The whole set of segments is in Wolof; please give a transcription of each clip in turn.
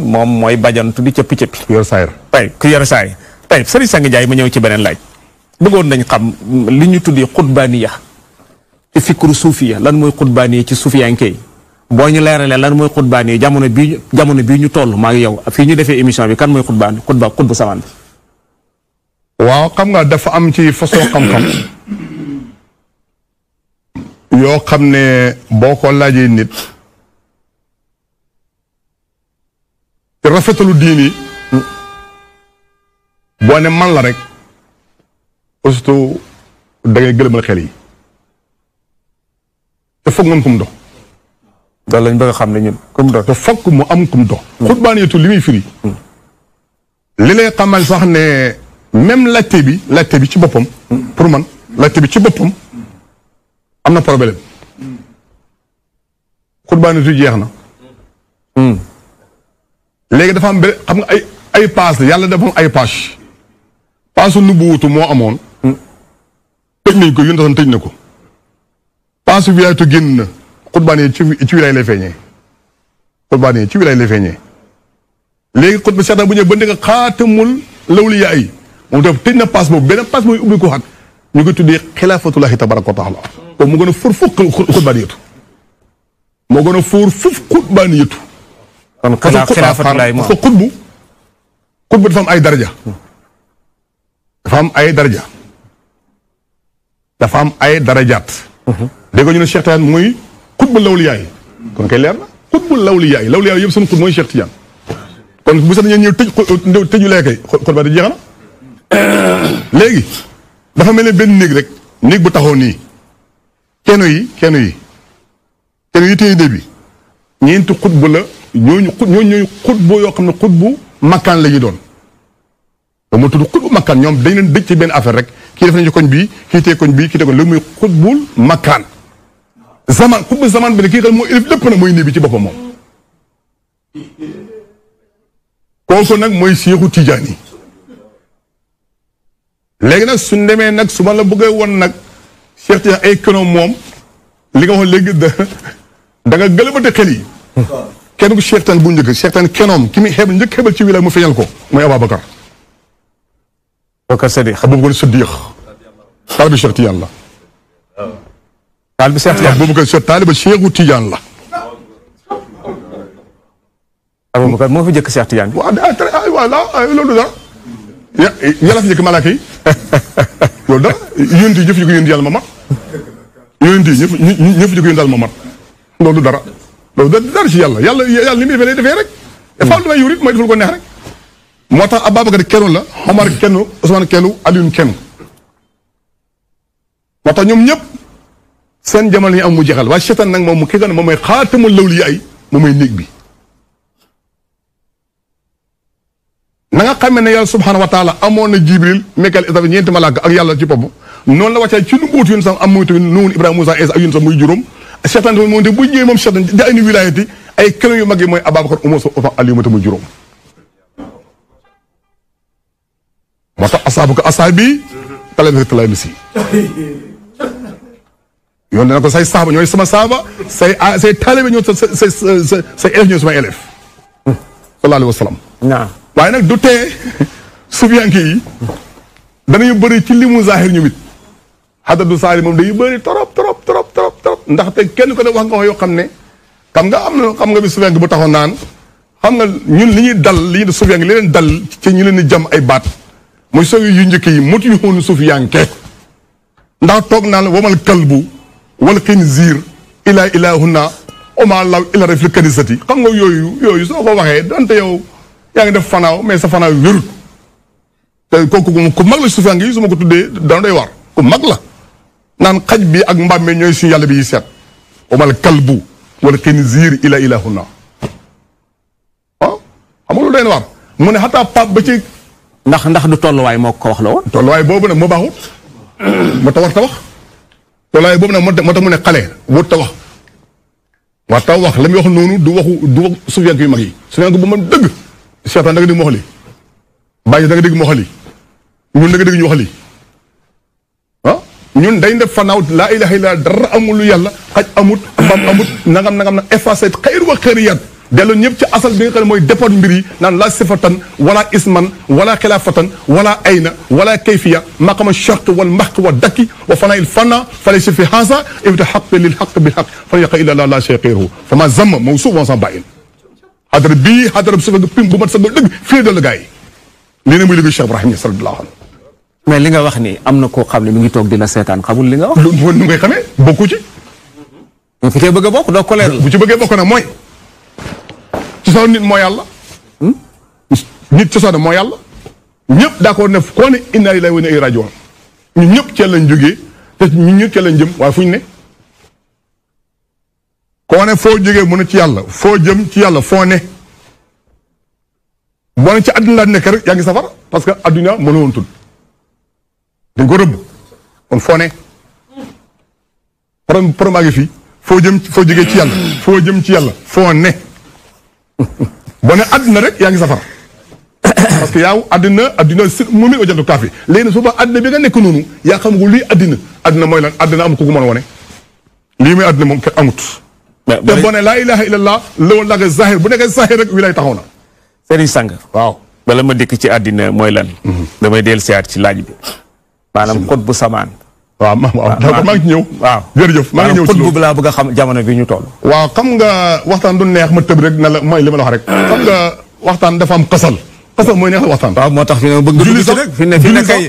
moom mooy bajantu di cëppi cëppi. ku yor saay tay ku yor saay tay sëriñ Sang Njaay ma ñëw ci beneen laaj bëggoon nañ xam li ñu tuddee xutbaaniya ci fikru suufiya lan mooy xutbaaniya ci suufiyanke yi boo ñu leeralee lan mooy xutbaaniya jamono bii jamono bii ñu toll maa ngi yow fii ñu defee émission bi kan mooy xutbaan xutba xutbu samaan bi. waaw xam nga dafa am ci façon xam-xam. yoo xam ne boo ko laajee nit. rafetalu diini boo ne man la rek aussitôt da ngay gëlëmal xel yi te foog nga am kum dox. daal lañ bëgg xam ne ñun kum dox. te foog mu am kum dox. Mm. xutbaan yëtu li muy firi. Mm. li lay xamal sax ne même laajte bi laajte bi ci boppam. Mm. pour man laajte bi ci boppam am na problème. xutbaan yëtu jeex na. léegi dafa am benn xam nga ay ay paas la yàlla dafa am ay pâche paasu nubuwutu moo amoon. Hmm. tëj nañ ko yónni tëj na ko. paasu wilaayatu génn na xutbaan yi ci ci wilaay lay feeñee xutbaan yi ci wilaay lay feeñee léegi xutba seetaan bu ñëw ba nekk xaatamul lawliyaa ay moom itam tëj na paas boobu beneen paas mooy ubbi ko xat ñu ngi tuddee xilaafatullahi tabaraka wa taala boobu mu gën a fóor fukk xutbaan moo gën a fóor fuf xutbaan yëtu kon xilaafatulaay moom parce que xutbu dafa am ay daraja. dafa am ay daraja. dafa am ay darajaat. Mhm. dégg ñu ne Cheikh Tidiane muy xutbu lawliyaay kon kay leer na xutbu lawliyaay lawliyaay yëpp sunu xutbu mooy Cheikh Tidiane. kon bu sax dañuy ñëw tëj tëju lee kay xutba di jeex léegi dafa mel ne benn néeg rek néeg bu taxaw nii. kenn yi kenn yi kenn yi téye bi ñeenti xutbu la. ñooñu xut ñooñu ñooñu xutbu yoo xam ne xutbu makkaan la ñuy doon ba mu tudd xutbu makkaan ñoom dañ leen dëj ci benn affaire rek kii def nañu ci koñ bi kii tey koñ bii kii tey koñ loolu muy xutbul makkaan zaman xutbu zaman bi ne kii xam mooy élif lépp na mooy nii bi ci boppam moom kooku nag mooy Seexu Tijaan yi léegi nag suñ demee nag su ma la bëggee woon nag Cheikh Tijaan ay kënoom moom li nga wax léegi da da xel yi كانوا شيختان بو نديغ شيختان كينوم كيمي هيب نديغ هيبل تي ولاي مو فيال كو مو ابا بكر بكر صديق ابو بكر صديق طالب شيخ تيان لا طالب شيخ تيان ابو بكر شيخ طالب شيخ تيان لا ابو بكر مو في جيك شيخ تيان وا داتر اي والا اي لولو دا يلا في جيك ملاكي لولو دا يوندي جيف جيك يوندي يالما ما يوندي جيف جيف جيك يوندي يالما loolu da ci yàlla yàlla yàlla ni muy defee lay defee rek faaw li may yurit mooy defal ko neex rek moo tax a Ababacar kenn la Omar kenn Ousmane kenn Alioune kenn moo tax ñoom ñëpp seen jamono ñu am mu jeexal waaye seetaan nag moom mu kan moom mooy xaatamul lawliyaa yi moom mooy néeg bi na nga xamee ne yàlla subhaanahu wa taala amoon na jibril Mikael Israfil ñeenti malaaka ak yàlla ci bopp noon la wàccee ci lu mbuut yoon sax am muy tamit nuun Ibrahima Moussa Isa ak yoon sax juróom Cheikh Anta moom de bu ñëwee moom Cheikh Anta jaay ni wilaayati ay kële yu mag yi mooy Ababacar Oumar Sow Ofa Aliou Mata muy juróom. moo tax asaabu ko asaay bii. talaay bi talaay bi yoon dana ko say saaba ñooy sama saaba say ah say taalibe ñoo sa say say say élèves ñooy sama élève. du ci limu saari moom dañuy bëri torop torop. ndax ndaxte kenn ko ne wax nga wax yoo xam ne xam nga am na xam nga bi Souvengue bu taxaw naan xam nga ñun li ñuy dal li ñuy Souvengue li leen dal ci ñu leen di jam ay baat mooy soog yu njëkk yi motu yu xoon suuf yanke ndax toog naan wamal kalbu wal xinziir ilaa ilaahuna oma law ila ref li kanisati xam nga yooyu yooyu soo ko waxee donte yow yaa ngi def fanaaw mais sa fanaaw wérut te ku mag la Souvengue yi su ma ko tuddee dana doy war ku mag la naan xaj bi ak mbàmme ñooy suñu yàlla bi yi seet wamal kalbu wal xinziir ila ilahuna ah xam nga lu doy na waar mu ne xataa pape ba ci. ndax ndax du tolluwaay moo ko wax la woon. tolluwaay boobu nag moo baaxut moo tax war ta wax tolluwaay boobu nag moo tax mu ne xale wut ta wax war ta wax la muy wax noonu du waxu du wax sufiyaan yu mag yi. sufiyaan bu mën dëgg. seetaan da dégg mu wax li bàyyi da dégg mu wax li ñun da nga dégg ñu wax li ñun dañ def fanaw la ilaha illa dar amul yàlla xaj amut bam amut nangam nangam na effacé khair wa khairiyat delu ñep ci asal bi nga xam moy dépôt mbiri nan la sifatan wala isman wala khilafatan wala ayna wala kayfiya maqama shart wal mahq wa daki wa fana il fana fala si fi hasa ibta haqq lil haqq bil haqq fa yaqa illa la la shay xayruhu fama zamma mawsuf wa sabain ba'in bi bii bi sa pim bu mat sa deug fi de la gars yi ne muy liggéey Cheikh Ibrahim sallallahu alaihi wasallam mais li nga wax ni am na koo xam ne mu ngi toog dina la seetaan xamul li nga wax. lu nu ngay xamee bokku ci. bu ci bëgg a bokk doo colère bu ci bëggee bokk na mooy. cosaanu nit moo yàlla. Hmm? nit cosaanu moo yàlla. ñëpp d'accord ne koo ne inna lillahi wa inna ilayhi raji'un ñun ñëpp cee lañ jógee te ñun ñëpp cee lañ jëm waaye fu ñu ne. koo ne foo jógee mu ne ci yàlla foo jëm ci yàlla foo ne. boo ne ci àdduna laa nekk rek yaa ngi safara parce que àdduna mënul woon tudd. dañ ko rëbb kon foo ne problème problème maa ngi fii foo jëm foo jógee ci yàlla foo jëm ci yàlla foo ne boo ne àddina rek yaa ngi safara parce que yaaw àddina àddina si moom it wajantu kaafi léegi suba àddina bi nga nekk noonu yaa xam nga luy àddina àddina mooy lan àddina am ku ko mën a wane lii muy àddina moom kenn amut te boo la laa ilaha illallah loolu la nga zahir bu nekkee zahir rek wi lay taxaw na Serigne Sang waaw bala ma dikk ci àddina mooy lan mhm. damay dellu siyaat ci laaj bi manam xut bu samaan wa ma waaw d'accord bëgg xam jamono bi ñu toll xam nga du neex ma rek na la la wax rek xam nga dafa am neex fi bëgg julli fi ne fi ne kay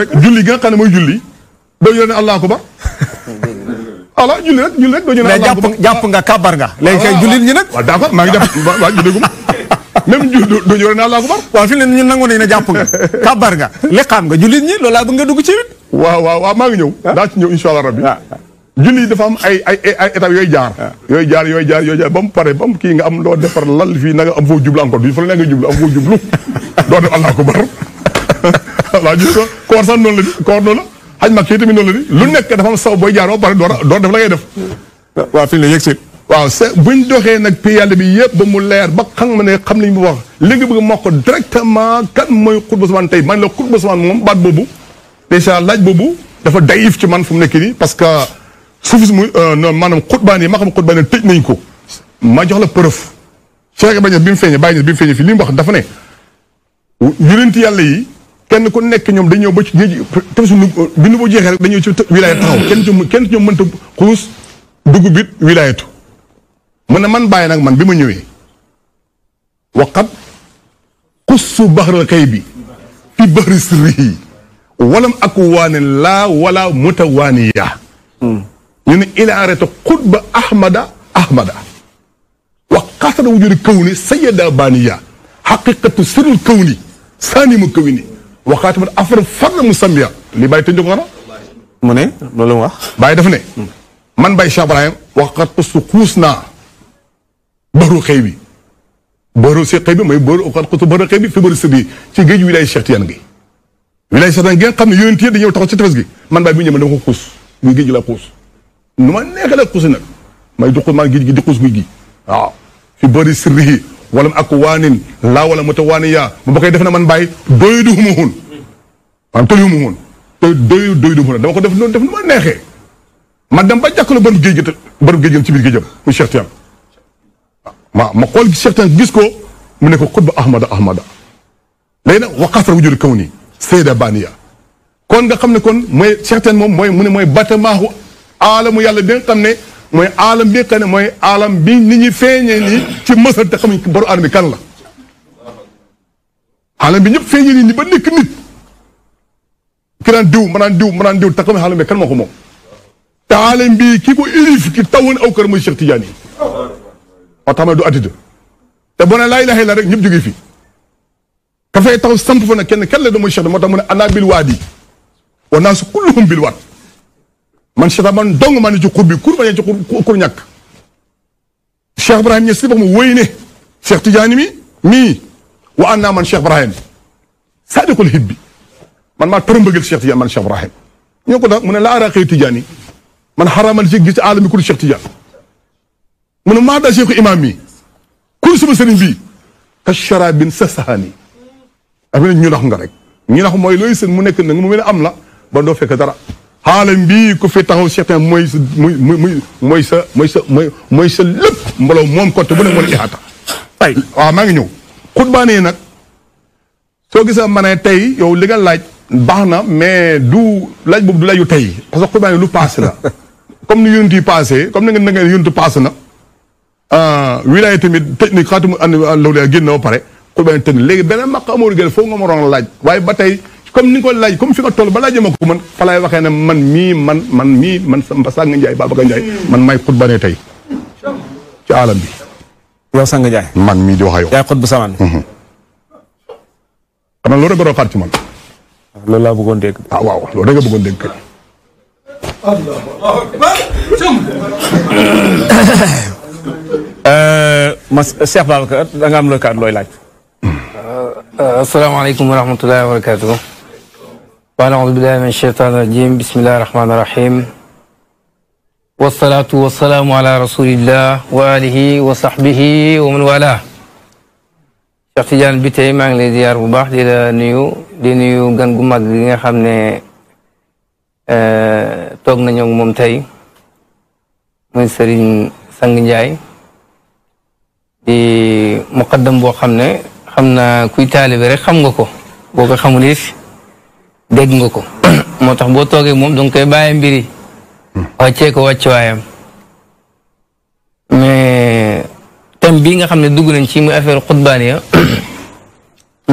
rek julli nga julli julli rek julli rek ñu nga nga kay julli ñi ngi julli gum même ju du ñu na allahu akbar waaw fi ne ñu nangu nañ ne nga kabar nga liqaam nga julit ñi lola laa bëgg nga dugg ci wit waaw waaw waaw maa ngi ñëw ah. daa ci ñëw insha allah rabbi ah. julli dafa am ay ay ay étape yooyu jaar ah. yooyu jaar yooyu jaar yooyu jaar ba mu pare ba mu kii nga am loo defar lal fii na nga am foo jublu encore du fa la nga jublu am foo jublu doo def allahu akbar waaw gis ko koor sax noonu la di koor noonu la xaj mag tamit noonu la di lu nekk dafa am saw booy jaar ba pare door door def la ngay def waaw fi ne yegg waaw c'est buñ doxee nag pays yàlla bi yëpp ba mu leer ba xam ma ne xam lañ bu wax léegi bëgg moo ko directement kan mooy xutba samaan tey man la xutba samaan moom baat boobu dèjà laaj boobu dafa dayif ci man fu mu nekk nii parce que suufis muy euh, maanaam xutbaan yi ma xam xutbaan yi tëj nañ ko ma jox la preuve Cheikh Ibrahima bi mu feeñee bàyyi bi mu feeñee fii li mu wax dafa ne yonent yàlla yi kenn ku nekk ñoom dañoo ba ci géej tefsu bi nu boo jeexee rek dañoo ci wilaaya taxaw kenn ci kenn ñoom mënta xuus dugub bit wilaayatu mune man baye nak man bima ñewé ñëwee qussu bahr al-kaybi fi bahr sirri walam akwan la wala mutawaniya ñu ne ila arata xutba ahmada ahmada wa qasad wujudi kawni baniya haqiqatu xaqiqatu al kawni saanimu kawni al-afr fan musammiya li bàyyi tënjog xara mune ne wax bàyyi daf ne man bay shabrahim Ibrahim waxat xusu bëru xëy bi bëru si xëy bi mooy bëru ukat xutu bëru xëy bi fi bëru sibi ci géej wilay Cheikh Tidiane gi wilay Cheikh Tidiane xamni yoonte xam ne yonent ci tefes gi man bay bu ñëmal dama ko xuus muy géej la xuus numa neex la xuusi nak may du xuus maa géej gi di xuus muy gi wa fi bëri sirrihi walam ak wanin la wala mu ta bu ba def na man bay doydu du am xun maanaam tëlu xuma xun te doyu doyu du dama ko def non def numa neexé neexee ma dem ba jàkkalu bëru géej gi bëru ci bir géejam mu Cheikh Tidiane ma ma xool Cheikh Tidiane gis ko mu ne ko xutba ahmada ahmada léegi wa waqaasara wujur kaw nii Seyda Baniya kon nga xam ne kon mooy Cheikh Tidiane moom mooy mu ne mooy batamaaxu aalamu yàlla bi nga ne mooy aalam bi nga mooy aalam bi ni ñi feeñe ni ci mësal te xamuñ boru aadama bi kan la aalam bi ñëpp feeñee nii ni ba nekk nit ki naan diw manaan diw manaan diw te xamuñ aalam bi kan moo ko moom te aalam bi kii ko irif ki tawoon aw kër mooy Cheikh Tidiane yi moo tax ma du attitude te boo nee laa ilaaha illa rek ñëpp jógee fii ka fay taxaw samp fa nag kenn kenn la mooy Cheikh moo tax mu ne ana bil waadi wa naasu kulluhum man Cheikh man dong maa ne ci xur bi xur bañ ci xur xur ñàkk Cheikh Ibrahim Niass ba mu wéy ne Cheikh Tidiane mi mii wa ana man Cheikh Ibrahim sadiqul hibbi man maa tërëm bëggal Cheikh Tidiane man Cheikh Ibrahim ñoo mu ne laa araqee Tidiane man xaramal ci gis alam bi ku Cheikh Tidiane mu ne maa daa seexu imaam mi kur sama sëriñ bii ka sharabin sa saxaani dafa ne ñu nax nga rek ñu nax mooy looy seen mu nekk nag mu mel ne am la ba doo fekk dara xaalam bii ku fi taxaw certain mooy sa muy mooy sa mooy sa mooy sa lépp mboloo moom côté bu ne moon ihaata ay waaw maa ngi ñëw xutbaane yi nag soo gisee ma ne tey yow li nga laaj baax na mais du laaj boobu du laaju tey parce que lu passé na comme ni yonent yi passé comme ne nga ngeen yonent passé na Ah, wilaya tamit tëj na xaatu mu ànd lawliyaa génn ba pare ku beneen tëj léegi beneen maq amul gën foo nga ma laaj waaye ba tey comme ni nga laaj comme fi nga toll ba laajee ma ko man fa laay waxee man mii man man mii man Sanga Ndiaye Babacar Ndiaye man may xutbane tey ci alam bi. yow Sanga Ndiaye. man mii di wax ak yow. yaay xutbu samaan. Mhm. xam nga laa bëggoon dégg. Ah, waaw loolu rek nga bëggoon Cheikh Babacar da nga am looy kàddu looy laaj. asalaamaaleykum wa rahmatullahi wa barakaatuhu. wa naudu billahi min shaytaani rajim bismillahi rahmaani rahim. wasalaatu wasalaamu ala rasulillah wa alihi wa sahbihi wa man wala. Cheikh Tidiane bi tey maa ngi lay ziar bu baax di la nuyu di nuyu gan gu mag gi nga xam ne toog nañu moom tey muy Serigne. sang njaay di muqaddam boo xam ne xam naa kuy taalibe rek xam nga ko boo ko xamul it dégg nga ko moo tax boo toogee moom danga koy bàyyi mbiri wàccee ko wàccuwaayam mais thème bii nga xam ne dugg nañ ci muy affaire xutbaan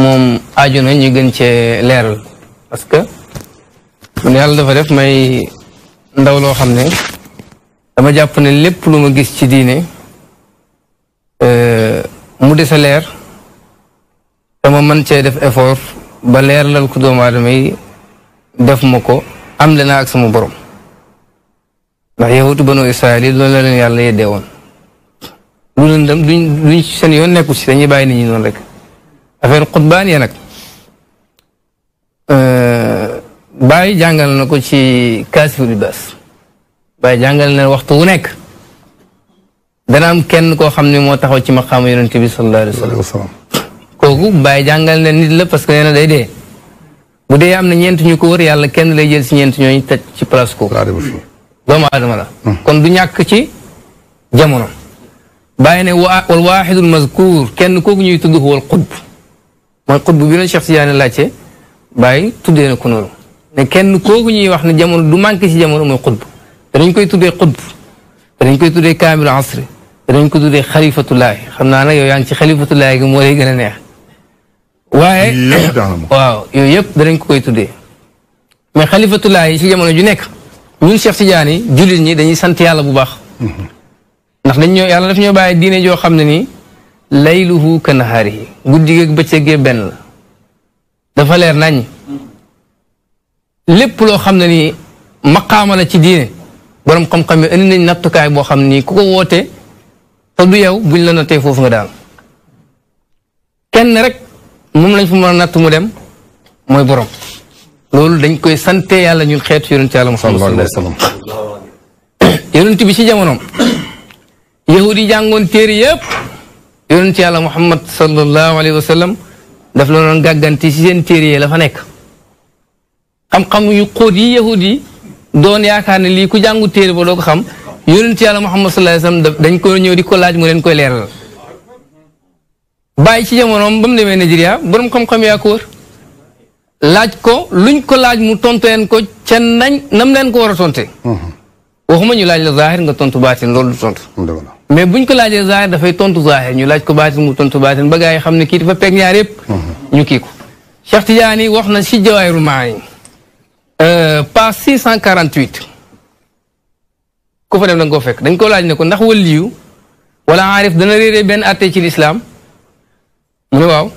moom aajo na ñu gën cee leeral parce que mun yàlla dafa def may ndaw loo xam ne dama jàpp ne lépp lu ma gis ci diine euh, mu dese leer dama mën cee def effort ba leer leeralal ko doomu aadama yi def ma ko am le naa ak sama borom ndax yahutu banu israel yi loolu la leen yàlla woon lu leen dem duñ duñ seen yoon nekku si dañuy bàyyi nit ñi noonu rek affaire xutbaan ya nag euh, bàyyi jàngal na ko ci kaasiful baas waaye jàngal na waxtu wu nekk dana kenn koo xam ne moo taxaw ci maqaamu yonent bi sallallahu alayhi wa sallam kooku bàyyi jàngal ne nit la parce que nee day dee bu dee am na ñeent ñu ko wër yàlla kenn lay jël si ñeent ñooñu teg ci place ko doomu aadama la hmm. kon du ñàkk ci jamono bàyyi ne wal waaxidul mazkur kenn kooku ñuy tudd wal xutb mooy xutb bi la Cheikh Sidiane laajte bàyyi tuddee na ku noonu ne kenn kooku ñuy wax ne jamono du manqué ci jamono mooy xutb danañ koy tuddee xutb danañ koy tuddee kaamilu asri danañ ko tuddee xalifatulaay xam naa nag yow yaa ngi ci xalifatulaay gi moo lay gën a neex waaye waaw yooyu yëpp danañ ko koy tuddee mais xalifatulaay ci jamono ju nekk ñun Cheikh Tidiane yi jullit ñi dañuy sant yàlla bu baax ndax dañ ñoo yàlla daf ñoo bàyyi diine joo xam ne ni layluhu ka nahaarihi guddi geeg bëccëg gee benn la dafa leer nañ lépp loo xam ne ni maqaama la ci diine borom xam-xam yi indi nañ nattukaay boo xam ni ku ko woote te du yow buñ la nattee foofu nga daal kenn rek moom lañ fa mën a mu dem mooy borom loolu dañ koy sante yàlla ñun xeet yonent yàlla Muhammad sallallahu alayhi wasallam yonent ci jamonoom yahudi yi jàngoon téere yëpp yonent yàlla Muhammad sallallahu alayhi wasallam daf la doon gàgganti ci seen téere yi la fa nekk xam-xam yu xóot yi yahudi doon yaakaar ne lii ku jàngu téere ba doo ko xam yonent yàlla Muhammad sallallahu alayhi wasallam dañ ko ñëw di ko laaj mu leen koy leeral bàyyi ci jamonoom ba mu demee Nigeria borom xam-xam yaa ko wër laaj ko luñ ko laaj mu tontu leen ko ca nañ nam leen ko war a tonte mhm. waxuma ñu laaj la zahir nga tontu baatin loolu du tontu. mais buñ ko laajee zahir dafay tontu zahir ñu laaj ko baatin mu tontu baatin ba gaa yi xam ne kii dafa peeg ñaar yëpp. Mhm. ñu kii ko Cheikh Tidiane wax na si Jawaahirul Maani Euh, page 648 ku fa dem danga ko fekk dañ ko laaj ne ko ndax waliyu wala aarif dana réeree benn atte ci lislaam mu ne waaw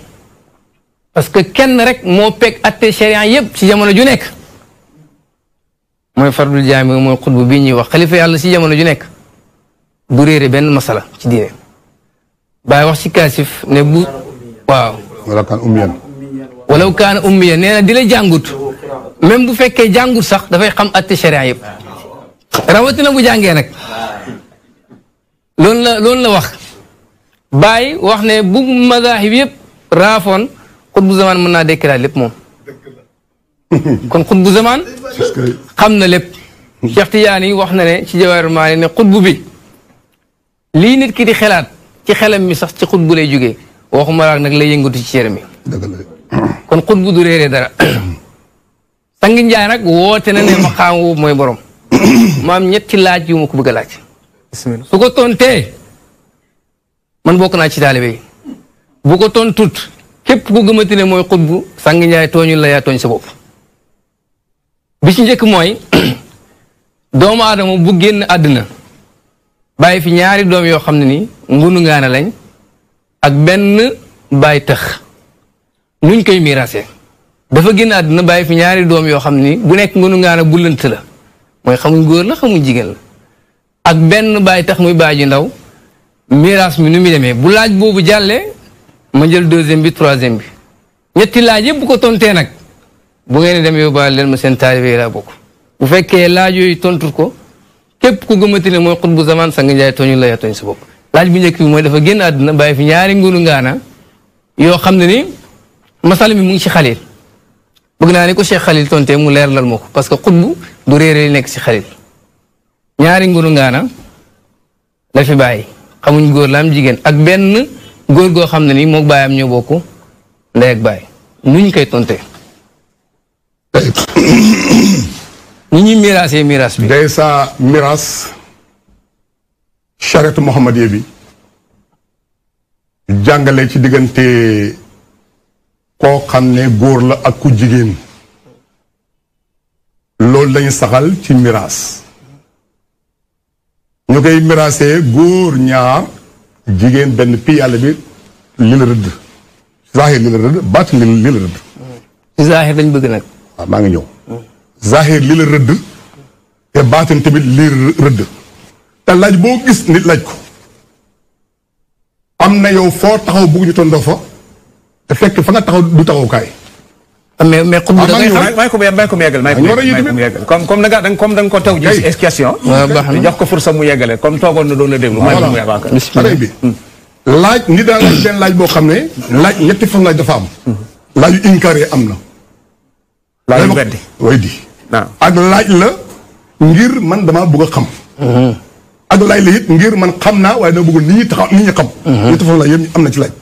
parce que kenn rek moo peg atte sharia yépp ci jamono ju nekk mooy fardul jaami mooy xutbu bi ñuy wax xalifa yàlla ci jamono ju nekk du réere benn masala ci diine wax ci ne bu kan ummiyan même bu fekkee jàngut sax dafay xam atte sharia yëpp rawatina bu jàngee nag loolu la loolu la wax Baye wax ne bu mazahib yëpp raafoon xutbu zamaan mën naa dékkilaat lépp moom kon xutbu zamaan xam na lépp Cheikh Tidiane yi wax na ci Jawaahirul Maani ne xutbu bi lii nit di xelaat ci xelam mi sax ci xutbu lay jógee waxuma laak nag lay yëngatu ci cër mi Tange Njaay nag woote na ne ma xaamu mooy boroom maam ñetti laaj yu ma ko bëgg a laaj. su ko tontee man bokk naa ci taalibe yi bu ko tontut képp ku gëmati ne mooy xutbu Tange Njaay tooñul la yaa tooñ sa bopp. bi ci njëkk mooy doomu aadama bu génn àddina bàyyi fi ñaari doom yoo xam ne ni ngunu ngaana lañ ak benn bàyyi tax nuñ koy miiraasee. dafa génn àddina bàyyi fi ñaari doom yoo xam ni bu nekk ngënu ngaan a bullant la mooy xamuñ góor la xamuñ jigéen la ak benn bàyyi tax muy bàyyi ndaw miraas mi nu muy demee bu laaj boobu jàllee ma jël deuxième bi troisième bi ñetti laaj yëpp bu ko tontee nag bu ngeen dem yóbbaale leen ma seen taalibe yi bokk bu fekkee laaj yooyu tontu ko képp ku gëmati ne mooy xut bu zaman sang njaay tooñu la yaa tooñ sa bopp laaj bu njëkk bi mooy dafa génn àddina bàyyi fi ñaari ngunu ngaana yoo xam ne ni masal mi mu ngi ci xalil bëgg naa ni ko Cheikh Khalil tonte mu leer lal ko parce que xutbu du réere li nekk ci Khalil ñaari nguru ngaana la fi bàyyi xamuñ góor la jigéen ak benn góor goo xam ne ni moo bàyyam ñoo bokk ndey ak bàyyi nuñ koy tonte ni ñuy miraasee miraas bi day saa miraas charette Mohammadiya bi jàngale ci diggante koo xam ne góor la ak ku jigéen loolu lañu saxal ci miraas ñu koy miraasee góor ñaar jigéen benn pi yàlla bi li la rëdd zahir li la rëdd baat li li la rëdd zahir lañ bëgg nag waaw maa ngi ñëw zahir li la rëdd te baatin tamit li rëdd te laaj boo gis nit laaj ko am na yow foo taxaw bugg ñu tondoo fa te fekk fa nga taxaw du taxawukaay. Ah, mais mais comme ah, da ngay xam may ko may ko mu yeggal may ko mu yeggal comme comme da nga comme da nga ko ah, ji si ko fursa mu yeggale comme toogoon na doon na déglu. may ko mu yeggal xale bi hmm. laaj nit daal laaj benn laaj boo xam ne. laaj ñetti fan laaj dafa am. Hmm. laaj yu incaré am na. laaj yu weddi weddi ak laaj la ngir man dama bëgg a xam. Hmm. ak laaj la it ngir man xam naa waaye dama bëgg nit ñi taxaw nit ñi xam. ñetti fan laaj yëpp am na ci laaj.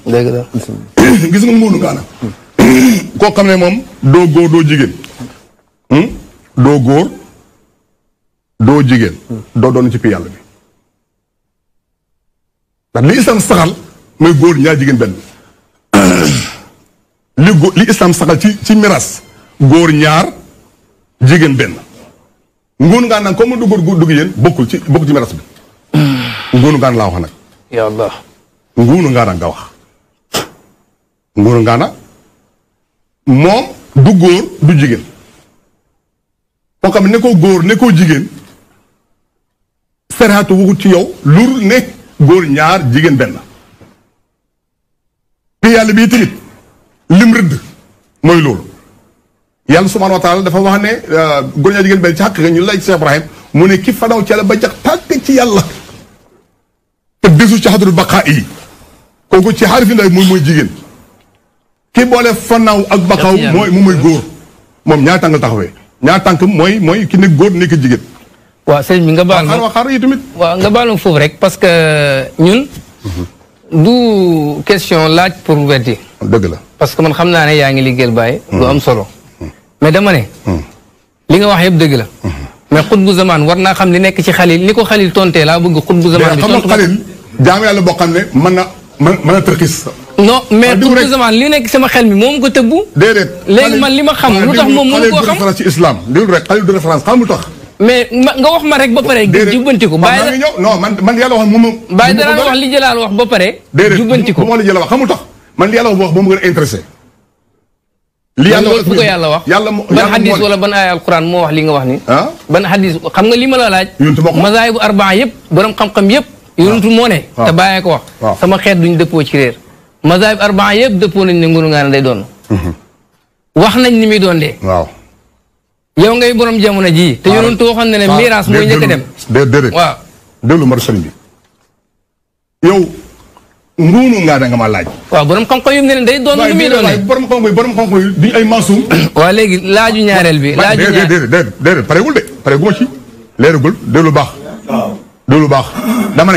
gis nga Modou Ngana koo xam ne moom doo góor doo jigéen hmm? doo góor doo jigéen doo doon ci pi yàlla bi ndax li islam saxal mooy góor ñaar jigéen benn li góor li islam saxal ci ci miras góor ñaar jigéen benn Modou Ngana comme du góor dugg yéen ci bokkul ci miras bi Modou laa wax nag. ya Allah Modou nga wax. nguuru ngaana moom du góor du jigéen koo xam ne góor ne jigéen saraatu wugut ci yow lur ne góor ñaar jigéen benn te yàlla bii tamit lim rëdd mooy loolu yàlla subhaana wa dafa wax ne euh, góor ñaar jigéen benn ci xàq nga ñu lay Cheikh Ibrahim mu ne ki fanaw ci yàlla ba jax tàkk ci yàlla te desu ci xadru baqaa yi kooku ci xaarifi nday mooy mooy jigéen ki boole fannaaw ak bakaw mooy moom mooy góor moom ñaar tànk taxawee ñaar mooy mooy ki nekk góor nekk jigéen waaw mi nga baal ma waxaar yi tamit waaw nga baal ma parce que ñun du question laaj pour weddi dëgg la parce que man xam naa ne yaa ngi liggéeyal bàyyi lu am solo mais dama ne li nga wax yëpp dëgg la mais xutbu zaman war naa xam li nekk ci xalil ni ko xalil tontee laa bëgg xutbu zaman bi xam nga xalil jaam yàlla boo xam ne mën na mën a non mais tout doucement li nekk sama xel mi moom ko tëbbu. déedéet léegi man li ma xam lu tax moom mënu koo xam référence ci islam déglu rek xale de référence xam lu tax. mais nga wax ma rek ba pare. déedéet jubbanti ko bàyyi la ñëw non man man yàlla wax moom. bàyyi dara wax li jëlaal wax ba pare. jubbanti ko déedéet wax li jëlaal wax xamul tax man yàlla wax moom gën a intéressé. li yàlla wax bu ko yàlla wax yàlla moo ban hadis wala ban aaya alquran moo wax li nga wax ni ah? ban hadis xam nga li ma la laaj mazahibu arbaa yëpp borom xam-xam yëpp yonentu moo ne ah. te bàyyee ko wax ah. sama xeet duñ dëppoo ci réer mazahib arbaa yëpp dëppoo nañ ne ngunu ngaana day doon mhm. wax nañ ni muy doon dee waaw ngay borom jamono jii te yonentu waxoon na ne miraas mooy njëkk a dem déedéet waaw déglu mar sëriñ bi ngaana nga ma laaj waaw borom xam-xam yu ne ne day doon nu doon dee borom xam-xam yi borom xam-xam yi duñ ay maasum waaw laaju ñaareel bi laaju déedéet déedéet paregul de ci leeragul déglu baax déglu baax dama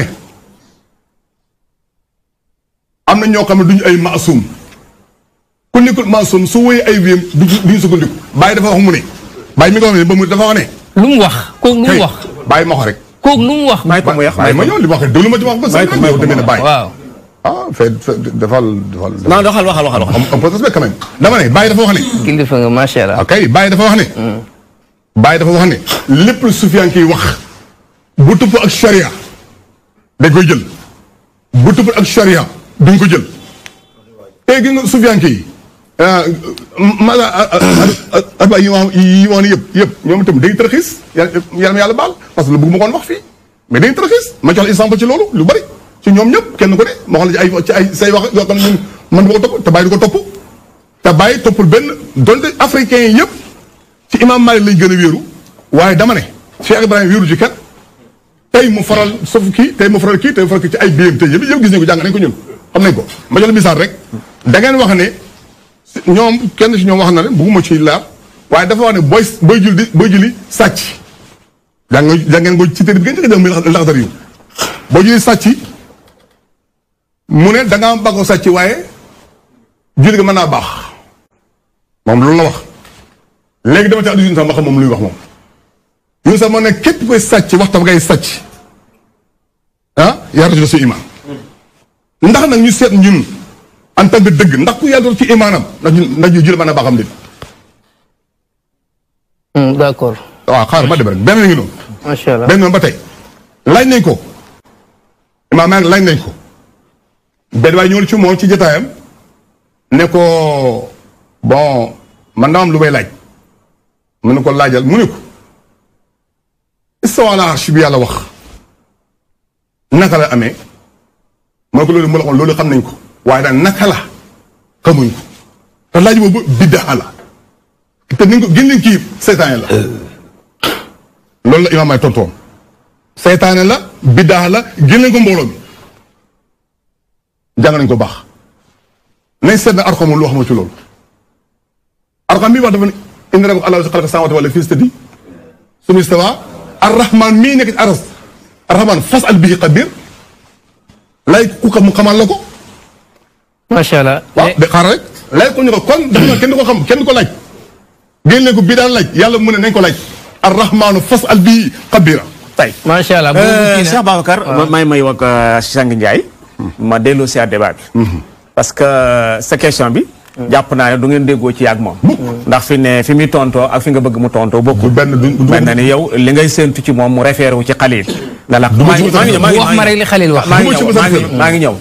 am na ñoo xam ne du ñu ay maasum ku nekkul maasum su wëyee ay wéem du ñu sukkandiku bàyyi dafa wax mu ne bàyyi mi nga wax ne ba mu dafa wax ne. lu mu wax kooku lu mu wax bàyyi ma ko rek. kooku lu mu wax. bàyyi ko mu yàq bàyyi ma yow li ma wax déglu ma ci wax ko. bàyyi ko yow demee na bàyyi. waaw ah fay defal defal. non doxal waxal waxal waxal. on peut respecter quand même. dama ne bàyyi dafa wax ne. kilifa nga macha allah. ok bàyyi dafa wax ne. bàyyi dafa wax ne. lépp lu sufiyan kiy wax. bu tupp ak charia dañ koy jël bu tupp ak charia duñ ko jël te gis nga sufiyanke yi ah, maanaam asba ah, ah, yi ma yi ma yëpp yëpp ñoom itam dañuy tërxiis yàlla ma yàlla baal parce que lu bëgg ma koon wax fii mais dañuy tërxiis ma jox la exemple ci loolu lu bari ci ñoom ñëpp kenn ko ne ma wax la ci ay ci ay say wax yoo xam ne ñun man du ko topp te bàyyi du ko topp te bàyyi toppul benn donte africain yi yëpp ci imam Malik lañ gën a wéeru waaye dama ne ay Ibrahima wéeru ci kenn tey mu faral sof kii tey mu faral kii tey mu faral ko jàng xam nañ ko ma jël misaal rek da ngeen wax ne ñoom kenn si ñoom wax na ne bugguma ci laal waaye dafa wax ne booy booy julli booy julli sàcc. daa ngeen daa ngeen ko ci tëdd bi ngeen jëkk a jël laxdar yu booy julli sàcc mu ne da ngaa bàggoo sàcc waaye julli gi mën naa baax moom loolu la wax. léegi dama tax di yun sax ma xam moom luy wax moom yun sax moo ne képp koy sàcc waxtam ngay sàcc ah yaa rajo sa iman ndax nag ñu seet ñun en dëgg ndax ku yàlla ci imaanam ndax ñu ndax ñu jël baaxam nit. Hmm, accord. waaw xaaral ma dem rek benn ngi noonu. benn noonu tey. laaj nañ ko. imaam maa ngi laaj nañ ko. benn waay ñëwul ci moom ci jotaayam. ne ko bon man daa am lu may laaj. mu ne ko laajal mu ne ko. istawa arsh bi yàlla wax. naka la amee. moo ko loolu mu la xoon loolu xam nañ ko waaye daal naka la xamuñ ko te laaj boobu biddaa la te niñ ko génne kii seytaane la loolu la imaam ay tontoon seytaane la biddaa la génne ko mbooloo mi jàng nañ ko baax nañ seet na mu lu wax ma ci loolu arxam bii wax dafa ne inna rabbakum allaahu xalaqa samaawaati wal arda fii sittatin summa stawaa arrahmaan mii nekk ci aras arrahmaan fas'al bihi xabiir lay ku xam xamal la ko. macha allah waaw de xaar rek. ko ñu ko kon dafa na kenn du ko xam kenn ko laaj. génn leen ko bii daan laaj yàlla mu ne nañ ko laaj. arrahmaanu fas al bii xabira tay macha allah boobu euh, Cheikh Babacar may may wax Cheikh Ndiaye. Mhm. ma delloo si à débat mhm. parce que euh, sa question bi. jàpp naa ne du ngeen déggoo ci yàgg moom ndax fi ne fi muy tontoo ak fi nga bëgg mu tontoo bokkul mel na ni yow li ngay séentu ci moom mu référé wu ci xalil nga laq maa wax ma rek li xalil wax maa ngi ñëw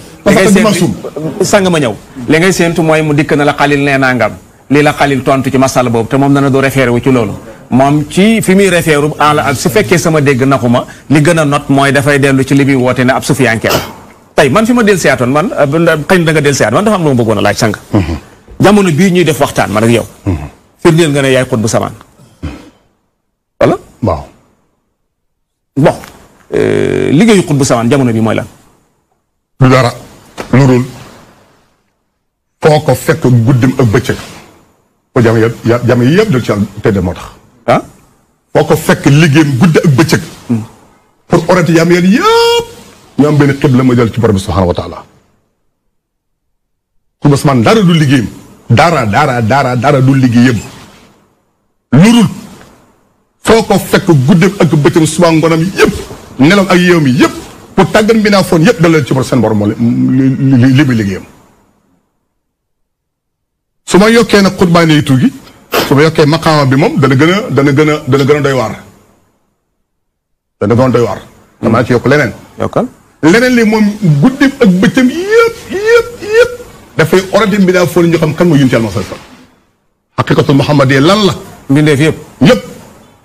li ma ñëw li ngay séentu mooy mu dikk na la xalil nee nangam lii la xalil tontu ci masala boobu te moom dana du référé wu ci loolu moom ci fi muy référé en la ak su fekkee sama dégg naxu ma li gën a not mooy dafay dellu ci li muy woote ne ab sufiyanke la tey man fi ma dellu man xëy na da nga dellu siyaat man dafa am lu ma bëggoon laaj sang jamono bi ñuy def waxtaan man ak yow. Mhm. firndeel nga ne yaay xut bu samaan. wala. waaw. bon euh ligay bu samaan jamono bi moy lan. du dara lu dul fekk guddum ak bëccëg ko jam yëpp ya, jam yeb dal ci tedde motax ha ah fekk liggéeyam gudd ak bëccëg. Hmm. pour orat yam yel yeb ñom ben qibla xibla ma jël ci borom subhanahu wa taala xut bu samaan dara du liggéeyam dara dara dara dara du liggéeyam lurul foo ko fekk guddem ak bëccëm suba ngonam yépp nelam ak yeewam yépp pour tàggat bi fon foon yépp dalal ci bor seen borom moo li bi liggéeyam su ma yokkee nag xutbaane yi tuugi suma ma yokkee maqaama bi moom dana gën a dana gën a dana gën a doy waar dana gën a doy waar damaa ci yokk leneen yokkal leneen li moom guddem ak bëccëm yépp yépp dafay orati mbindaa fooli ñu xam kan mooy yunti yàlla Muhammad sallallahu alayhi wasallam xaqiqatu Muhammad lan la. mbindeef yëpp. yëpp.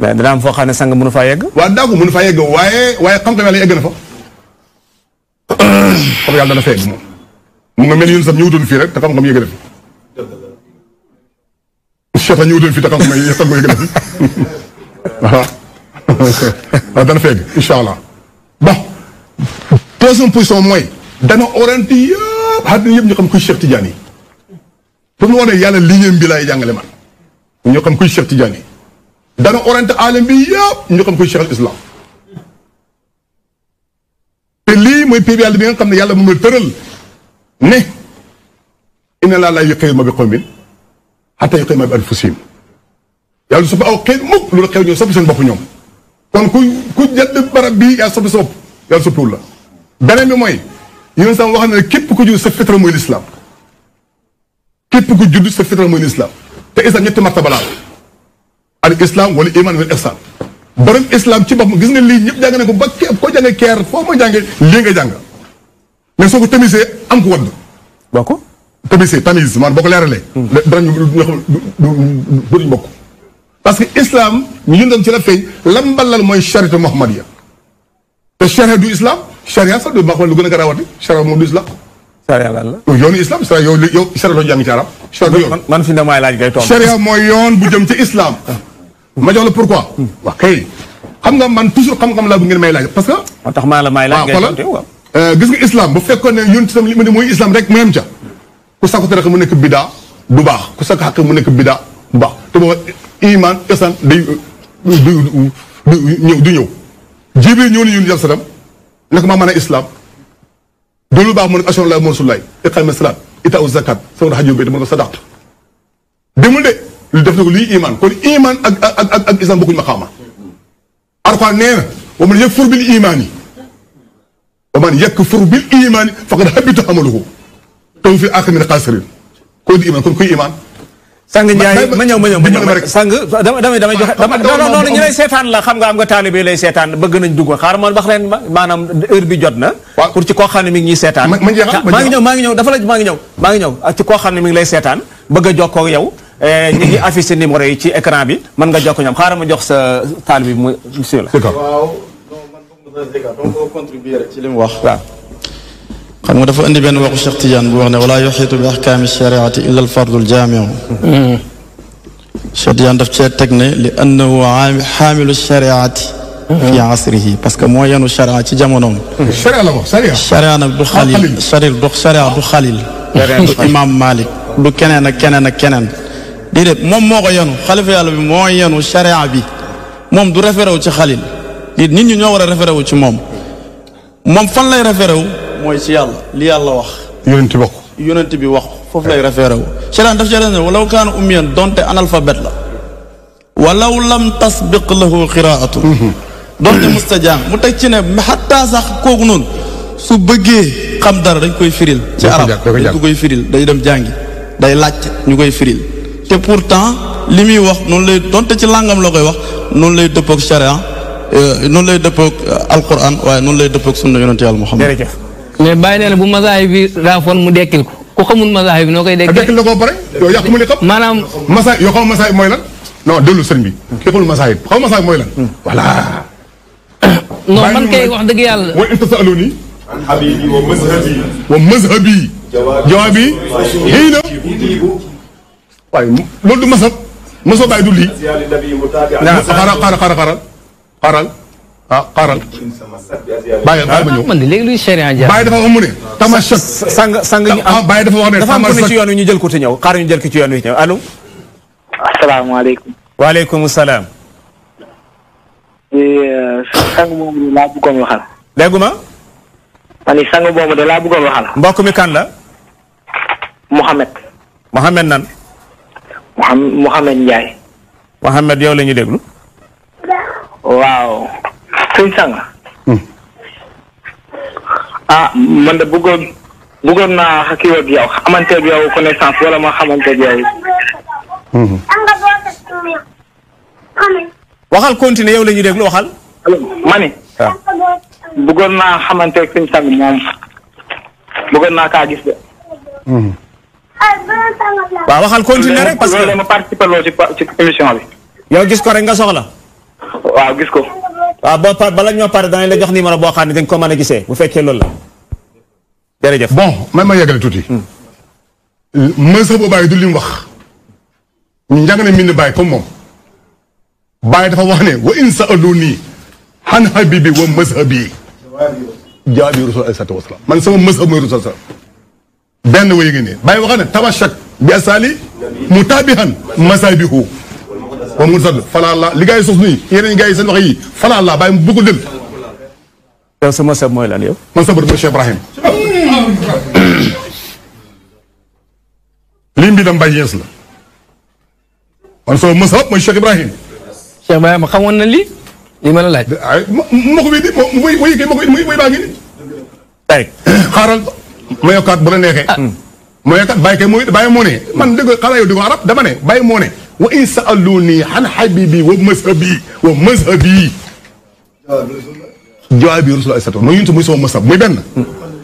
mais dana am foo xam ne sang mënu faa yegg. waaw daa ko mënu faa yegg waaye waaye xam tamit yàlla yegg na fa. xam yàlla dana fa yegg moom. mu nga mel yun sam ñëwutoon fii rek te xam-xam yegg na fi. cheikh la ñëwutoon fii te xam-xam yegg na fi waaw dana fa yegg incha allah bon deuxième position mooy dana orienté yëpp àdduna yëpp ñu xam kuy Cheikh Tidiane yi pour mu wane yàlla liggéeyam bi laay jàngale man ñu xam kuy Cheikh Tidiane yi dana orienté alam bi yëpp ñu xam kuy Cheikh al Islam te lii mooy péeb yàlla bi nga xam ne yàlla moom la tëral ne inna laa laa yuqayyimu bi qawmin hattaa yuqayyimu bi anfusihim yàlla su fa aw xëy mukk loolu xew ñoom soppi seen bopp ñoom kon ku ku jënd barab bii yaa soppi sa bopp yàlla la beneen bi mooy yoon sam wax na ne képp ku judd sa fitra mooy lislaam ku judd sa fitra mooy lislaam te islam ñetti martaba la al islam wala iman wala ihsan borom islam ci boppam gis nga lii ñëpp jàng nañ ko ba képp koo jàngee keer foo ma jàngee lii nga jàng mais soo ko tamisee am ko wadd boo ko tamisee tamise maanaam boo ko leeralee hmm. danañ ñoo bokk parce que islam ñu yëndam ci la feeñ lam balal mooy charité muhammadiya te charité du islam charia sax du baax lu gën a garaawati charia moom du islam. charia lan la. yoonu islam charia yow yow charia doo jàng ci arab. charia man man fi ne maay laaj ngay toog. charia mooy yoon bu jëm ci islam. Ah. ma jox la pourquoi. wa hmm. kay xam nga man toujours xam-xam laa bu ngeen ma laaj parce que. moo tax maa la may laaj ah, ngay toog waaw euh, gis nga islam bu fekkoon ne yoon itam li mu ne mooy islam rek mu yem ca. ku sakku tere mu nekk bidaa du baax ku sakku xaq mu nekk bidaa du baax te booba iman isan day euh, du ñëw du ñëw. jibril ñëw ni yun yàlla لك ما من الإسلام دولو باع من أشون الله مرسول الله إقام الصلاة إتاو الزكاة سون حج بيت من الصدق دمول ده لدفن لي إيمان كل إيمان أك أك أك أك إسلام بكون مقامه أرقام نين ومن يكفر بالإيمان ومن يكفر بالإيمان فقد حبته أمله تو في آخر من قاصرين كل إيمان كل كل إيمان sàng Ndiaye ma ñëw ma ñëw ma ñëw sàng damay damay joxe dama non non ñu lay seetaan la xam nga am nga taalibe lay seetaan bëgg nañ dugg xaaral ma wax leen maanaam heure bi jot na pour ci koo xam ne mi ngi ñuy seetaan maa ngi ñëw maa ngi ñëw dafa la maa ngi ñëw maa ngi ñëw ah, ci koo xam ne mi ngi lay seetaan bëgg a jokkoo yow eh, ñu ngi affiché numéro yi ci écran bi mën nga jox ko ñoom xaaral ma jox sa taalibe bi mu monsieur la waaw man bëgg naa li mu wax waaw خم دافو اندي بن واخو شيخ تيان ولا يحيط باحكام الشريعه الا الفرض الجامع شيخ تيان داف تكني لانه حامل الشريعه في عصره باسكو مو ينو الشريعه تي جامونوم الشريعه لا بو الشريعه الشريعه بو خليل الشريعه بو الشريعه بو خليل امام مالك بو كنن كنن كنن ديريت موم موكو ينو خليفه يالله بي موين ينو الشريعه بي موم دو ريفيرو تي خليل نيت ني نيو ورا ريفيرو تي موم موم فان لاي ريفيرو mooy ci yàlla li yàlla wax. yonent bi wax ko. yonent bi wax ko foofu lay référé wu. Cheikh daf ci ne walaw kaana ummiyan donte analphabète la. walaw lam tasbiq lahu qiraatu. donte mustajaan mu teg ci ne xataa sax kooku noonu su bëggee xam dara dañ koy firil. ci arab dañ ko koy firil day dem jàngi. day laajte ñu koy firil. te pourtant li muy wax noonu lay donte ci langam la koy wax noonu lay dëppoog charia noonu lay dëppoog alquran waaye noonu lay dëppoog sunna yonente yàlla Muhammad mais bàyyi nee na bu masaay bi raafoon mu dekkil ko ku xamul masaay bi noo koy. dekkil ah, dekkil na ko ba pare yow yàq mu li xam. maanaam masaay yoo xam masaay mooy lan non déglu sëñ bi. deful masaay xaw masaay mooy lan. Hmm. voilà. non man kay wax dëgg yàlla. wa in tasaluni. an habibi wa mazhabi. wa mazhabi. jawaabi lii na. waaye loolu du masab. masoo bàyyi du lii. xaaral xaaral xaaral xaaral. ah xaaral bàyyi ma ñëw ah, man de léegi luy sariya jaar bàyyi dafa amu ne tama sot sang sang ñu am ah, bàyyi dafa wax ne dafa am ku ne ci yoon wi ñu jël ko te ñëw xaaral ñu jël ko ci yoon wi ñëw allo asalaamaaleykum waaleykum salaam eh, sang moomu de laa bëggoon waxal léegi ma ma ni sang moomu de laa bëggoon waxal mbokk mi kan la Mouhamed Mouhamed nan Mouhamed Mouhamed Ndiaye Mouhamed yow la ñu déglu waaw sëñ sang hmm. ah man de bëggoon bëggoon naa kii ak yow xamanteeg yow connaissance wala ma xamanteeg yow. Hmm. waxal continuer yow la ñuy déglu waxal. ma ni. Ah. bëggoon naa xamanteeg sëñ sang moom bëggoon naa ka gis de. Hmm. waaw waxal continuer rek parce que loolu ma ci ci bi. yow gis ko rek nga soxla. waaw gis ko. waaw ah, boo par bala ñoo pare danañ la jox numéro boo xam ne dañ ko mën a gisee bu fekkee loolu la jërëjëf. bon man ma yegale tuuti. Hmm. man sax bu du li mu wax. ñu njàng ne mbind bàyyi comme moom. bàyyi dafa wax ne wa in sa'aluni an habibi wa mazhabi jaabi rasul alayhi salaatu wasalaam man sama mazhab mooy rasul salaam benn way ngi ne bàyyi wax ne tabashak bi asali mutabihan masabihu moom mun sadd falaala li gars yi sos nii yi falaala bàyyi mu bëgg del sama sab mooy lan yow man sabar mooy Cheikh Ibrahim lii mbi dam bàyyi yees la man sama masab mooy Cheikh Ibrahim Cheikh Ibrahim xamoon na lii lii ma la laaj ma ko wéddi way way kay ma ko wéddi way baa ngi ma yokkaat bu la neexee ah. ma yokkaat bàyyi kay mooy man dégg xaaral di ko arab dama ne bàyyi moo ne wa in sa'aluuni an habiibi wa mazhabi wa mazhabi jawaabi rasulullah sato mooy yuntu muy sama masab muy benn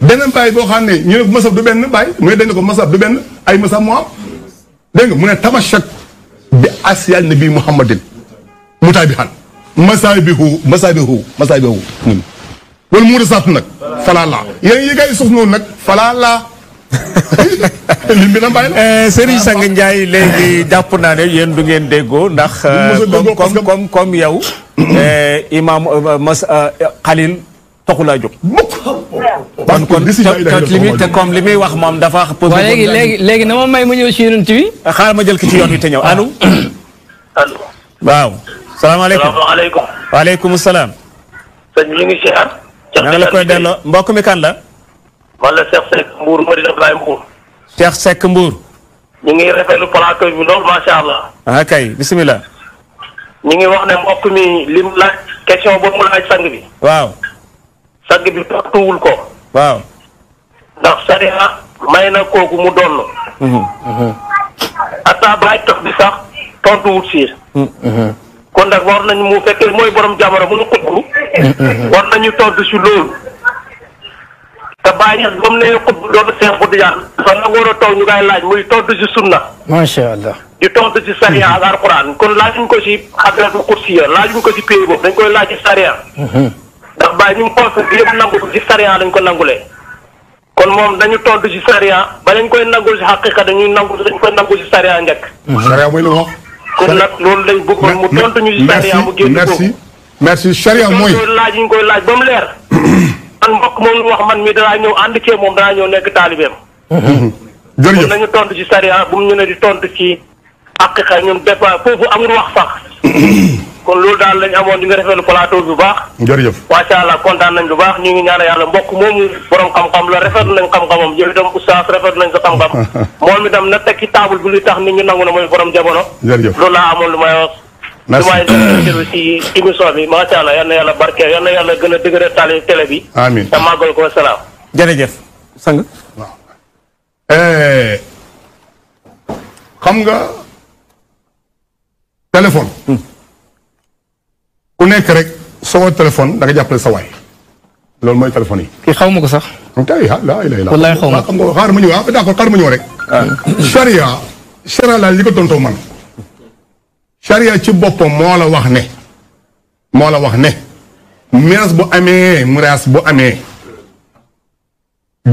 beneen bàyyi boo xam ne ñu ne masab du benn bàyyi mu ne dañ ne ko masab du benn ay masab moo am dégg nga mu ne tamashak bi asyaal nabi muhammadin mutaabihan masaabihu masaabihu masaabihu loolu mu ngi saatu nag falaa laa yéen yi ngay suuf noonu nag falaa laa lim bi na mbay la. Eh, Serigne ah, Sang ah. léegi jàpp naa ne yéen du ngeen déggoo ndax. Euh, comme comme comme yow. Eh, imam euh, euh, mas xalil taxu laa jóg. kon kon li muy te comme li muy wax moom dafa. léegi léegi léegi na ma may mu ñëw si yonent bi. Ah, ma jël ki ci yoon wi te ñëw allo. allo. waaw. salaamaaleykum salaamaaleykum. waaleykum salaam. sëñ bi ñu ngi si mbokk mi la. man la Cheikh Seck Mbour Madina Baye Mbour. Cheikh Seck Mbour. ñu ngi rafetlu plateau bi lool macha allah. ah kay bisimilah. ñu ngi wax ne mbokk mi li mu laaj question boobu mu laaj sang bi. waaw. sang bi tontuwul ko. waaw. ndax sariya may na kooku mu donn mhm, mhm. ata baay tax bi sax tontuwul siir mhm, kon nag war nañ mu fekkee mooy borom jamono mu nu xutbu war nañu tontu si loolu. te bàyyi ba mu ne xutb dootu seen xutb yaa dafa a toog ñu koy laaj muy tontu ci sunna macha allah di tontu ci sariya ak alquran kon ko ci xadratul ko ci pays boobu dañ koy laaj ci sariya mhm. ndax ñu ngi constaté yëpp nangu ko dañ ko nangulee kon moom dañu tontu ci sariya ba lañ koy nangul ci xaqiqa dañuy nangu dañ koy nangu ci sariya mhm. kon nag loolu lañ bëggoon mu tontu ñu ci sariya mu génn merci merci sariya mooy laaj ñu koy laaj ba mu leer man mbokk moom lu wax man mi danaa ñëw ànd cee moom danaa ñëw nekk taalibeem. jërëjëf nañu tontu di tontu ci ak xel ñun des fois foofu amul wax sax. kon loolu daal lañ amoon di nga rafetlu plateau bi bu baax. jërëjëf macha allah kontaan nañ bu baax ñu ngi ñaanal yàlla mbokk moomu borom xam-xam la rafetlu nañ xam-xamam yow itam oustaz rafetlu nañ sa xam-xam. moom itam na teg ci table bi luy tax nit ñu nangu na mooy borom jamono. jërëjëf loolu laa amoon lu may merci waaye dinañ si émission bi macha allah yal yàlla barkeel yal na yàlla gën a dëgëral tali télé bi. amiin te màggal ko salaam. jërëjëf sang. Eh, xam nga téléphone. Hmm. ku nekk rek soo téléphone da nga jàppale sa waay. loolu mooy téléphone yi. kii xaw ma ko sax. tey ah laa ilaaha illallaah. wallaahi xam nga xaaral ma ñëw ah d'accord xaaral ma ñëw rek. charia ah. charia laal li ko tontoo man. charia ci boppam moo la wax ne moo la wax ne miraas bu amee miraas bu amee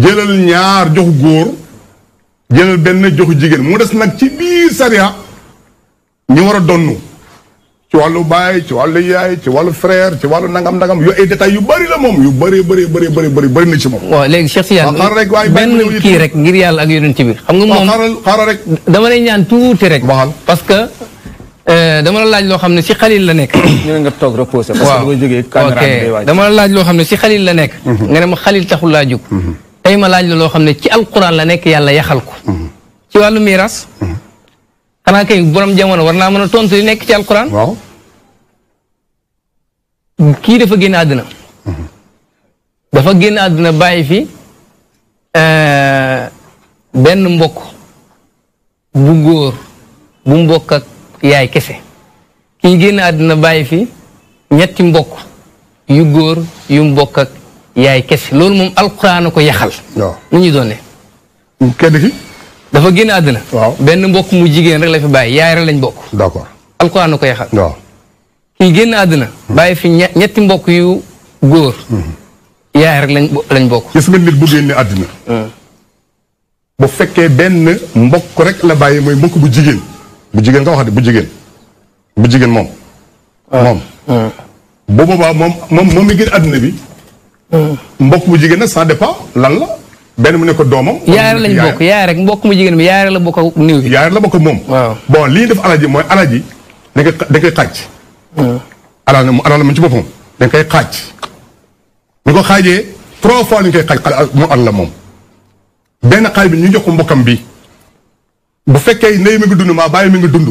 jëlal ñaar jox góor jëlal benn jox jigéen mu des nag ci biir charia ñu war a donnu ci wàllu baay ci wàllu yaay ci wàllu frère ci wàllu nangam nangam yu ay détails yu bari la moom yu bëree bari bari bari bëri na ci moom. waaw léegi Cheikh Tidiane waaw xaaral benn kii rek ngir yàlla ak yonent bi. xam nga moom xaaral dama lay ñaan tuuti rek. parce Euh, dama la laaj loo xam ne si xalil la nekk. ñu nga toog reposé. parce que jógee caméra ne si xalil la nekk. Mhm. nga ma xalil taxu laa jóg. Mhm. ma laaj la loo xam ne ci alquran la nekk yàlla yaxal ko. Mhm. ci wàllu miiras. xanaa kay borom jamono war naa mën a tontu li nekk ci alquran. kii dafa génn àdduna. dafa génn àdduna bàyyi fi euh, benn mbokk bu góor bu mbokk yaay kese ki génn àddina bàyyi fi ñetti mbokk yu góor yu mbokk ak yaay kese loolu moom alxuraan ko yaxal nu ñu doon ne kenn ki dafa génn àddina benn mbokk mu jigéen rek la fi bàyyi yaay rek lañ bokk d'accord alxuraan génn àddina hmm. bàyyi fi mbokk yu góor hmm. lañ lañ bokk gis nga nit génne àddina hmm. bu fekkee benn mbokk rek la bàyyi mooy mbokk bu jigéen bu jigéen nga waxati bu jigéen bu jigéen moom. Ah. moom. Ah. bu boobaa moom moom moom mi gën bi. Ah. mbokk bu jigéen nag ça dépend lan la benn mu ne ko doomam. yaayar lañ bokk yaayar rek mbokk mu jigéen bi yaayar la bokk ak la bokk moom. bon lii ñuy def alal ji mooy alal ji dañ koy dañ koy xaaj. alal na mu alal na ci boppam dañ koy xaaj. ñu ko xaajee trois fois lañ koy xaaj moom alal moom benn xaaj bi ñu jox mbokkam bi. bu fekkee ndey mi ngi dund maa bàyyi mi ngi dund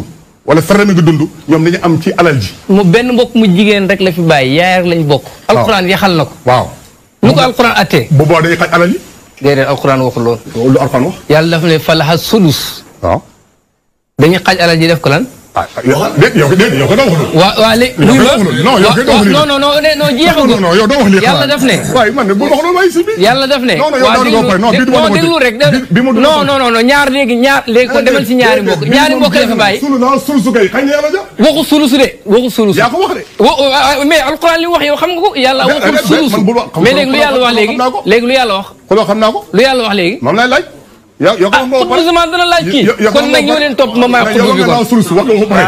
wala sara mi ngi dund ñoom dañu am ci alal mu benn mbokk mu jigéen rek la fi bàyyi yaayar lañ bokk. waaw alxuraan yaxal na ko. waaw lu ko alxuraan attee. bu boobaa day xaj alal yi. déedéet alxuraan waxul loolu. lu alxuraan wax. yàlla dafa ne falaxa sulus. waaw dañuy xaj alal ji def ko lan. Ah, ah yow dégg yow ko doon wax loolu. waaw waaw léegi muy ma non yow kay doon wax non non non non jeexagul. non yow doon wax lii yàlla daf ne. de bu wax la fi bàyyi. sulu naa sulu su kay xëy na yàlla ja. waxu sulu su de waxu sulu su. yaa ko wax de. wa mais alquran li mu wax yow xam nga ko yàlla waxul sulu su mais léegi lu yàlla wax léegi léegi lu yàlla wax. xuloo xam naa ko wax léegi. yow yow ko moom Ousmane dana laaj kii kon nag ñoo leen topp ma maa ko bëgg ko sulusu wax nga ko pare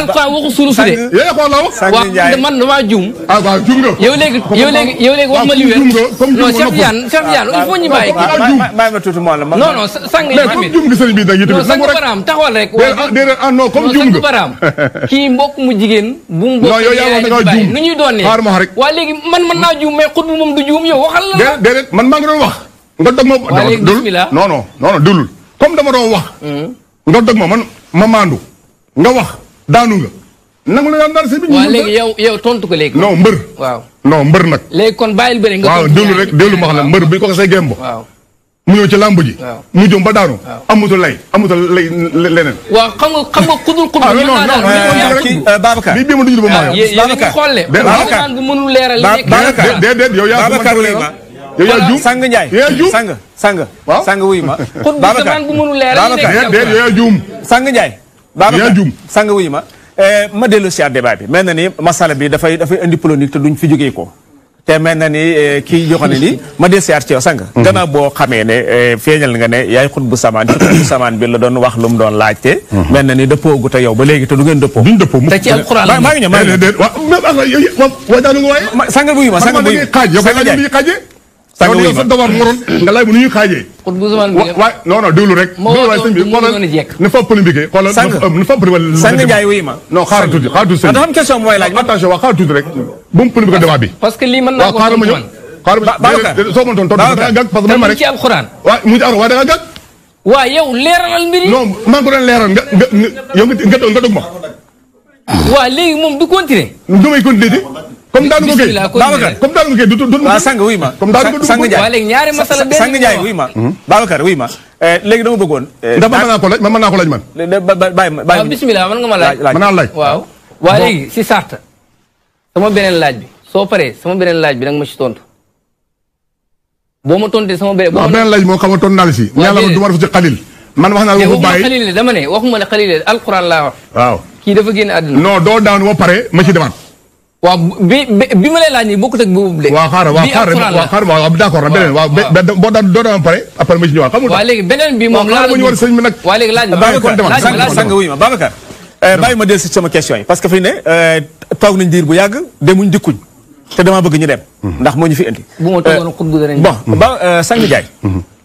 alquran waxu de yéen ko law waaw man damaa juum ah waaw juum nga yow léegi yow léegi yow léegi wax ma li wér non Cheikh Diane Cheikh Diane il faut kii bàyyi ma tuuti moom la non non sang mais comme juum kii mbokk mu jigéen bu mu bokk non yow juum nu ñuy doon xaar ma rek waa léegi man man naa juum mais xut bu moom du juum yow waxal la maa ngi wax nga dog mom waaye non non non non dulul comme dama do wax nga dog mom man ma maandu nga wax danu nga nang la ndar dar sëñ bi waaw léegi yow yow tontu ko léegi non mbeur waaw non mbeur nak léegi kon bayil beure nga waaw dulul rek delu ma xala mbeur bi ko xasee gembo waaw mu ñëw ci lambu ji mu jom ba daanu amutul lay amutul lay leneen wa xam nga xam nga qudul qudul ñu non non kii Babacar bi bi ma duñu ba ma yow babakar babakar babakar babakar babakar babakar babakar babakar babakar babakar babakar babakar babakar babakar babakar babak yow yaa juum sang Ndiaye yaa juum sang sang sang wuyu ma. Babacar Babacar a yaa juum. sang Ndiaye. yaa juum sang wuyu ma. ma dellu si débat bi mel na ni masala bi dafay dafay indi polémique te duñ fi jógee ko. te mel na ni kii joxane ma dee siyaat ci yow boo xamee ne ne yaay xut bu samaan ci xut bi la doon wax lu mu doon laajte mel na ni dëppoogu te yow ba léegi te du ngeen dëppoo duñ dëppoo te ci alxuraan la maa ngi ñëw maa ngi ñëw waaw daanu nga waaye sang buy ma sang buy xaaj yow xaaj tàngoor yi sa devoir moroon nga laaj bu nu ñuy xaajee. kon bu zaman bi waay non non déglu rek. moo waral sëñ bi xoolal ne fa polémique xoolal. ne fa polémique sang Ndiaye wuy ma. non xaaral tuuti xaaral tuuti sëñ bi dafa am question bu may laaj. attention waaw xaaral tuuti rek. bu mu polémique débat bi. parce que lii mën naa ko xaaral ma ñëw. xaaral ma ñëw soo mëntoon tontu da nga gàgg parce que man ma rek ci alxuraan. waaw mu ci alxuraan da nga gàgg. waaw yow leeralal mbir yi. non maa ngi ko doon leeral nga nga yow nga dog ma. waaw léegi moom du continuer. du may continuer comme daanu ko kay Babacar comme daanu ko kay du du ma. waaw sang wuy ma comme ko du sang Ndiaye. waaw léegi ñaari masala benn sang Ndiaye wuy ma. Hmm? Babacar wuy ma eh, léegi dama bëggoon. ndax eh, mën man naa ko laaj man. ba ba bàyyi ma bàyyi ma bisimilah nga ma laaj. mën naa laaj waaw. waa léegi si sarta ma beneen laaj bi soo paree sama beneen laaj bi nag ma ci tontu. boo ma tontee sama beneen. waaw beneen laaj moo xam ne naa la si. waaw déedéet du ma def ci xalil. man wax naa la waxu bàyyi xalil dama ne waxuma ne xalil alquran wax. waaw kii dafa génn àdduna. non doo daanu ba pare ma ci demaat waaw bi bi ma lay laaj nii bokkut ak boobu de. waaw xaaral waaw xaaral waaw d'accord na beneen waaw boo daan doo daan pare après ma ci ñëwaat xamul. waaw léegi beneen bi moom laaj sang wuy ma eh, sama question yi parce que fi ne eh, toog nañ diir bu yàgg demuñ dikkuñ te damaa bëgg ñu dem. ndax moo ñu fi indi. bu ma eh, toogoon xut ba sang Ndiaye.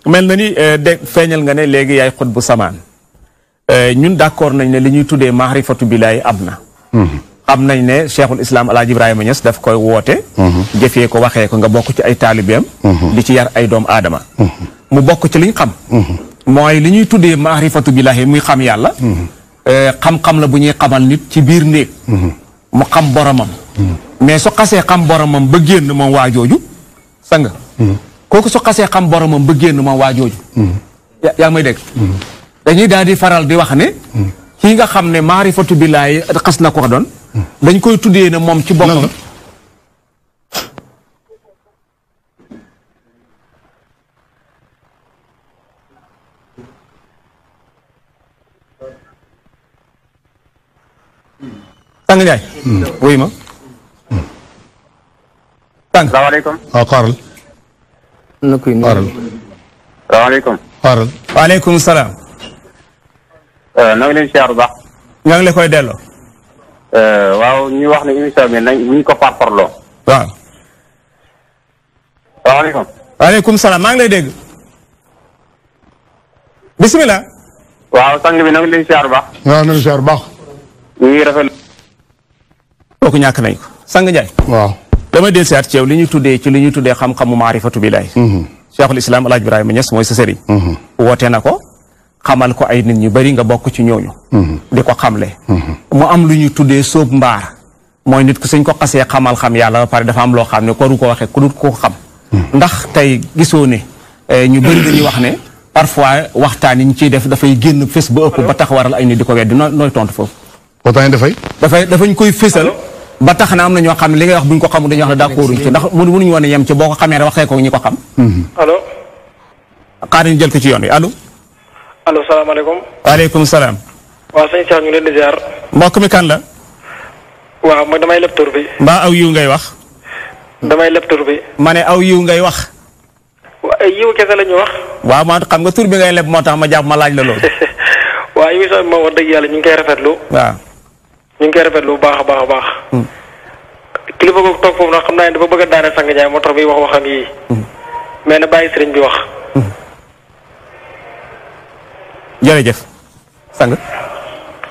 mel na ni de feeñal nga ne léegi yaay xut bu samaan ñun d'accord nañ ne li ñuy tuddee maarifatu bilaay am na xam nañ ne cheikhul islam alaaji ibrahima Niass daf koy woote mhm. jëfee ko waxee ko nga bokk ci ay taalibeem mhm. di ci yar ay doomu aadama mhm. mu bokk ci liñ xam mooy li ñuy tuddee maarifatu billahi muy xam yàlla euh, xam-xam la bu ñuy xamal nit ci biir néeg mu xam boromam mais su xasee xam boromam ba génn moom waa jooju sa nga kooku su xasee xam boromam ba génn moom waa jooju yaa ngi may dañuy daal di faral di wax ne ki nga xam ne maarifatu billaay xas na ko doon dañ koy tuddee ne moom ci boppam tàng Ndiaye. Hmm. wuyu ma. tàng. salaamaaleykum. waaw ah, xaaral. na kuy salaam. noo eh, ngi leen siyaar bu baax. ngi la koy delloo. Eh, waaw ñu wax émission nañ ñu ko ngi lay deg bismillah waaw sang bi noo len ci siyaar bu baax. waaw noo ngi siyaar bu baax. ñu ngi rafetlu. kooku nañ ko sang jaay waaw. dama del siyaat ci yow li ñu tuddé ci li ñu tuddé xam-xamu maarifatu hmm cheikhul islam alaaj ibrahim Niass moy sa hmm nako xamal ko ay nit ñu bari nga bokk ci ñooñu mm-hmm. di ko xam le mm-hmm. mu am lu ñu tuddee soob mbaar mooy nit ku suñ ko xasee xamal xam yàlla ba pare dafa am loo xam ne koru ko waxee ku dul xam mm-hmm. ndax tey gisoo ne eh, ñu bari dañuy wax ne parfois waxtaan yi ñu ciy def dafay génn fés ba ëpp ba tax waral ay nit di ko weddi nooy tontu foofu waxtaan yi dafay dafay dafa ñu koy fésal ba tax na am na ñoo xam li ngay wax buñ ko xamul dañuy wax ne d'accorduñ ci ndax mënuñu woon a yem ci boo ko xamee rek waxee ko ko xam allo xaaral ñu jël ko ci yoon wi allo allo salaamaaleykum. waaleykum salaam. waaw sëñ Cheikh ñu ngi leen di ziar. mbokk mi kan la. waaw man damay leb tur bi. mbaa aw yiw ngay wax. damay leb tur bi. ma ne aw yiw ngay wax. waaw yiw kese la ñu wax. waa man xam nga tur bi ngay leb moo tax ma jàpp ma laaj la loolu. waa émission bi moom ñu ngi koy rafetlu. ñu ngi koy rafetlu bu baax a baax a baax. Mm. kilifa googu toog foofu nag xam naa ne dafa bëgg a daane sang ñaay moo tax muy wax waxam mm. yii. mais na bàyyi sëriñ bi wax. jërëjëf sang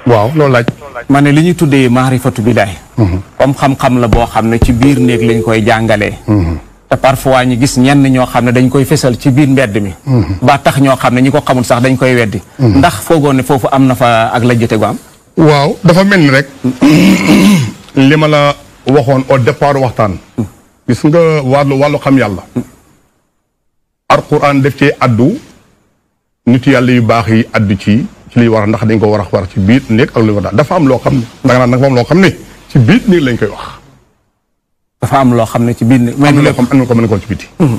waaw loolu laaj ma ne li ñuy tuddee maarifatu billaahi mhm. comme xam-xam la boo xam ne ci biir néeg lañ koy jàngalee mhm. te parfois ñu gis ñenn ñoo xam ne dañ koy fesal ci biir mbedd mi mhm. ba tax ñoo xam ne ñi ko xamul sax dañ koy weddi ndax foogoon ne foofu am na fa ak la jëte gu am waaw dafa mel ni rek li la waxoon au départ waxtaan gis nga wàllu wàllu xam yàlla alquran def ci addu nit yàlla yu baax yi addu ci ci liy war ndax dañ ko war a war ci biir néeg ak lu war dafa am loo xam ne da nga naan dafa am loo xam ne ci biir néeg lañ koy wax. dafa am loo xam ne ci biir néeg. am na loo xam ne ko mën a ci biti. Mm-hmm.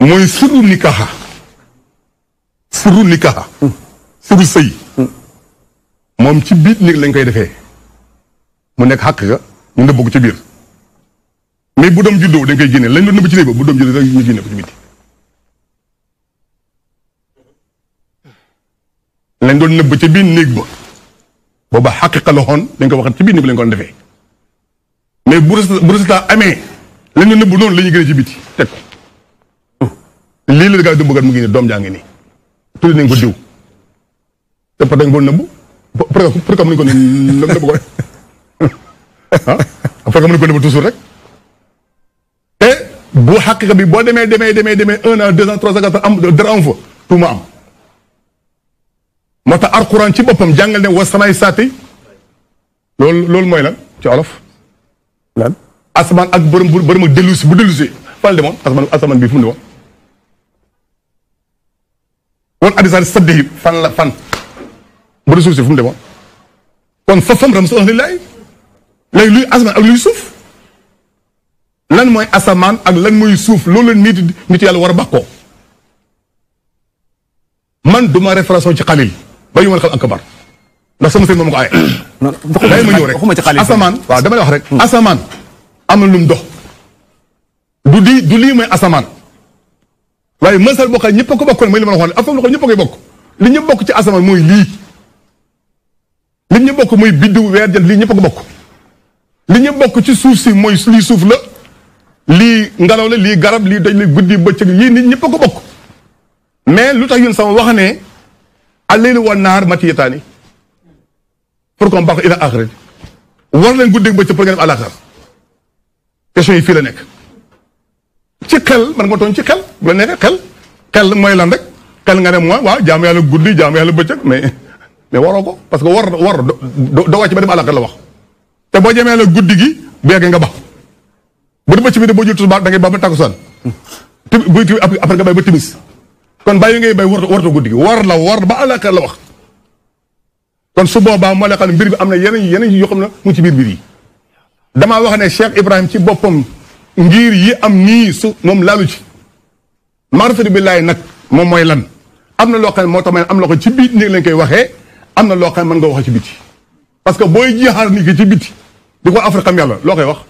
mooy suru nikaxa. suru nikaxa. Mm. suru sëy. Mm. moom ci biir néeg lañ koy defee mu nekk xàq ga ñu nëbb ko ci biir mais bu doom juddoo dañ koy génne lañ doon nëbb ci néeg ba bu doom juddoo dañ ñu génne ko ci biti. lañ doon nëbb ca biir néeg ba booba xaqiqa la xoon dañ ko waxat ci biir néeg bi lañ ko doon mais bu bu amee lañ doon nëbb noonu la ñuy gën a ci biti teg ko lii la gaa yi dëmbëggat mu ngi nii doom jaa ngi nii tudd nañ ko diw te peut dañ ko nëbb pour que pour que mënuñ ko nëbb ko ah pour que mënuñ ko nëbb toujours rek te bu xaqiqa bi boo demee demee demee demee un an deux ans trois ans quatre ans am dara am fa tuuma am moo tax alquran ci boppam jàngal ne wasamaay saati loolu loolu mooy lan ci olof lan asamaan ak bërëm bu bërëm ak dellusi bu dellusi fan demoon asamaan asamaan bi fu mu ne woon fan la fan bu dee suuf si fu mu demoon kon fa fam ram sa lillaay léegi luy asamaan ak luy suuf lan mooy asamaan ak lan mooy suuf loolu la nit nit yàlla war a bàkkoo man duma référence ci xalil ba yu ma xal ankabar ndax sama sëñ moom ko aaye. day ma ñëw rek asamaan waaw dama lay wax rek. Hmm. asamaan am lum dox. du di du lii mooy asamaan waaye mënsal boo xam ne ñëpp a ko bokkoon mooy li ma a waxoon affaire loxo ñëpp a koy bokk li ñëpp bokk ci asamaan mooy lii. li ñëpp bokk mooy biddiw weer jant lii ñëpp a ko bokk. li ñëpp bokk ci suuf si mooy lii suuf la lii ngelaw la lii garab lii doj la guddi bëccëg yii nit ñëpp a ko bokk mais lu tax yun sama wax ne. al-laylu nar nahar matiyataani pour qu'on baax ila axira war leen guddeeg bëccëg pour nga dem àlaxar question yi fi la nek ci xel man nga ton ci xel bu la nekkee xel xel moy lan rek xel nga ne mooy waaw jaam yàlla guddi jaam yàlla bëccëg mais mais waroo ko parce que war war do wacc ba dem àlaxar la wax te bo jamee la guddi gi bu nga ba bu dem ci biir bo jël ba da ngay ba ba takusaan après nga bay ba timis kon bàyyi ngay bay warto warto guddi war la war ba ka la wax kon su boba mo la xam ne mbir bi amna na yeneen yeneen yoo xamna mu ci bir bir yi dama wax ne Cheikh Ibrahim ci bopam ngir yi am ni su moom laalu ci marifatu billahi nak mom moy lan amna lo loo xam ne am na ko ci bit ni lañ koy waxe amna lo xam nga wax ci bit parce que boy jihar ni ci bit di ko yalla lo koy wax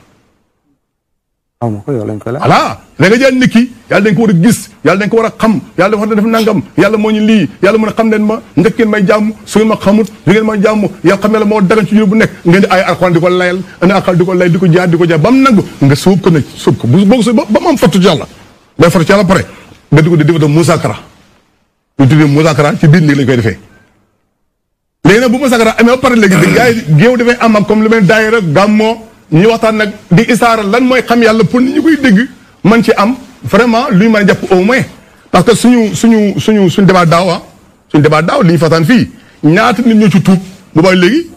xaw ma ko yow lañ ko la voilà da nga jël nit ki yàlla dañ ko war a gis yàlla dañ ko war a xam yàlla dafa def nangam yàlla moo ñu lii yàlla mën a xam leen ma njëkk ngeen may jàmm su ngeen ma xamut du ngeen may jàmm yàlla xam yàlla moo dagan ci jur bu nekk ngeen di ay alxuraan di ko layal ana alxuraan di ko lay di ko jaar di ko jaar ba mu nangu nga suub ko nag suub ko boo ko suub ba mu am fattu ci yàlla day fattu ci yàlla pare nga di ko di defata musakara ñu tuddee musakara ci biir léegi lañ koy defee léegi nag bu musakara amee ba pare léegi di gars yi géew dafay am ak comme lu mel daayira gàmmoo ñu waxtaan nag di isaara lan mooy xam yàlla pour ni ñu koy dégg man ci am vraiment lu ñu mën a au moins parce que suñu suñu suñu suñu débat daaw ah suñu débat daaw li ñu fataan fii ñaata nit ñu ci tuub bu baax léegi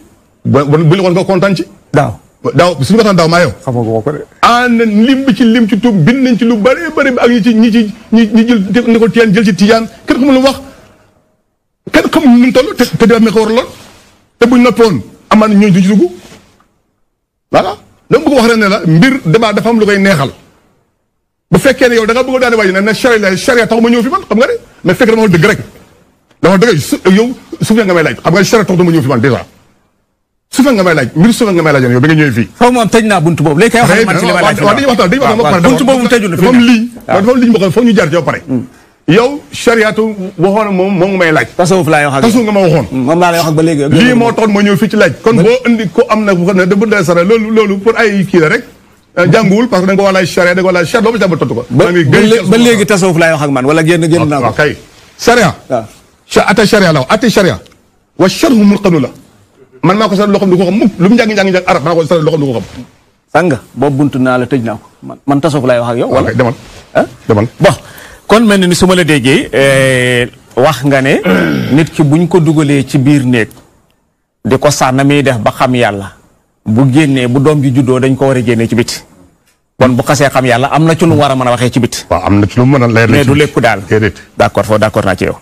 bu ñu nga kontaan ci. daaw daaw suñu waxtaan daaw maa yow. xam nga ko de. ànd lim bi ci lim ci tuub bind nañ ci lu bëree bëri ak ñi ci ñi ñi ñi jël ni ko tiyaan jël ci tijaan kenn xamul lu wax kenn xamul nu mu toll te te dina ko war a lool te buñ noppoon amaan ñooñu ñu ci dugg voilà dama bëgg wax rek ne la mbir débat dafa am lu koy neexal bu fekkee ne yow da nga bëgg a daane waay ne ne charia charia taxu ma ñëw fi man xam nga ne mais fekk dama wax dëgg rek su yow suuf nga may laaj xam nga charia taxu ma ñëw fi man déjà suuf nga may laaj mbir suuf nga may laaj yow da nga ñëw fii. xaw ma tëj naa buntu boobu léegi kay wax man ci li may laaj. buntu boobu tëjul na fi foog ñu jaar ci ba pare hmm. yow chariatu waxoon moom moo ngi may laaj. tasawuf laay wax ak nga ma waxoon. Mm, moom laa lay wax ak ba léegi. lii moo tax ma ñëw fii ci laaj. kon boo indi ko am na ne loolu loolu pour ay kii la rek. Euh, jànguwul parce que da nga ko ko walaay charia doo ma jàpp tontu ko. ba ba léegi tasawuf laay wax ak man wala génn génn naa ko. kay charia. waaw ah. wa ate charia. wa la. man maa ko sara loo xam du ko xam mukk lu mu njàng njàng njàng arab maa ko sara loo boobu buntu naa la tëj naa ko man man tasawuf laay wax ak yow. wala demal ah? demal bon kon mel na ni su ma la déggee eh, wax nga ne. nit ki buñ ko dugalee ci biir néeg. di ko sax na def ba xam yàlla. bu génnee bu doom ji juddoo dañ ko war a génnee ci biti. kon bu xasee xam yàlla am na ci lu mu war a mën a waxee ci biti. waaw am na ci mu mën a leer du lépp daal. déedéet d' foofu d' accord naa ci yow.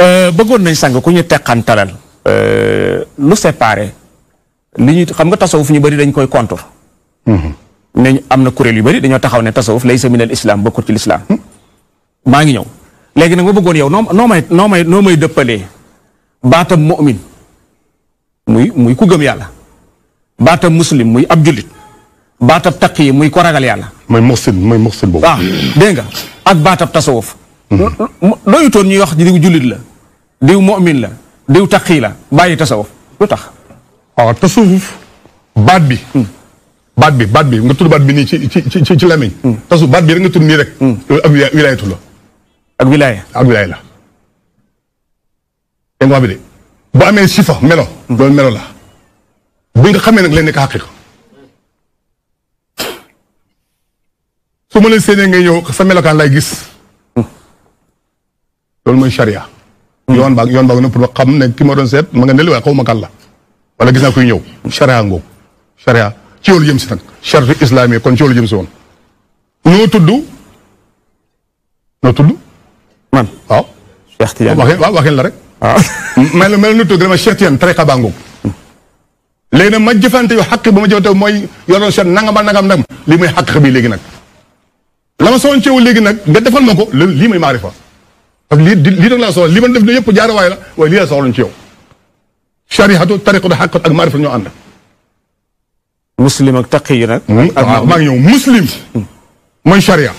Euh, nañ sang ku ñu teqantalal. Euh, lu séparé. li ñuy xam nga tasawuf ñu bëri dañ koy contour. Mm-hmm. ne am na kuréel yu bëri dañoo taxaw ne tasawuf laysa minal islam bokkul ci lislaam hmm. maa ngi ñëw léegi nag ma bëggoon yow noo noo may noo may noo may dëppalee baatam mu'min muy muy ku gëm yàlla baatam muslim muy ab jullit baatab taqi muy ko ragal yàlla. mooy muxsin mooy muxsin boobu. waaw ah, dégg nga ak baatab tasawuf. looyu hmm. toon ñuy wax diw jullit la diw mu'min la diw taqi la bàyyi tasawuf lu tax. waaw ah, tasawuf baat bi. Hmm. baat bi baat bi nga tudd baat bi nii ci ci ci ci lamiñ. Hmm. tasawuf baat bi rek nga tudd nii rek. am wilaayatu la. ak wilaaya ak wilaaya la. dégg nga bi de bu amee sifa melo. loolu melo la bu nga xamee nag leen nekk xaqiqa su ma la séenee ngay ñëw sa melokaan lay gis. loolu mooy charia. yoon baag yoon baag na pour xam ne ki ma doon seet ma nga nel waaye xaw ma kan la wala gis naa kuy ñëw charia ngoogu charia ci yoolu jëm si nag charte islamique kon ci yoolu jëm woon. noo tudd man waaw. Cheikh Tidiane waaw waxin la rek. waaw mel mel nu tudd dama Cheikh Tidiane tariqa baa ngoog. léegi nag ma jëfante yu xàq ba ma jëfante mooy yoroon seen nangam ak nangam nag lii mooy xàq bi léegi nag. la ma soxla ceew léegi nag nga defal ma ko lii mooy maarifa parce que lii lii da nga laa soxla li ma def nii yëpp jaarawaay la waaye lii la soxla ci yow. shari'atu tariqatu xàq ak maarifa ñoo ànd. muslim ak taqi yi nag. ak maa ngi ñëw muslim. mooy sharia.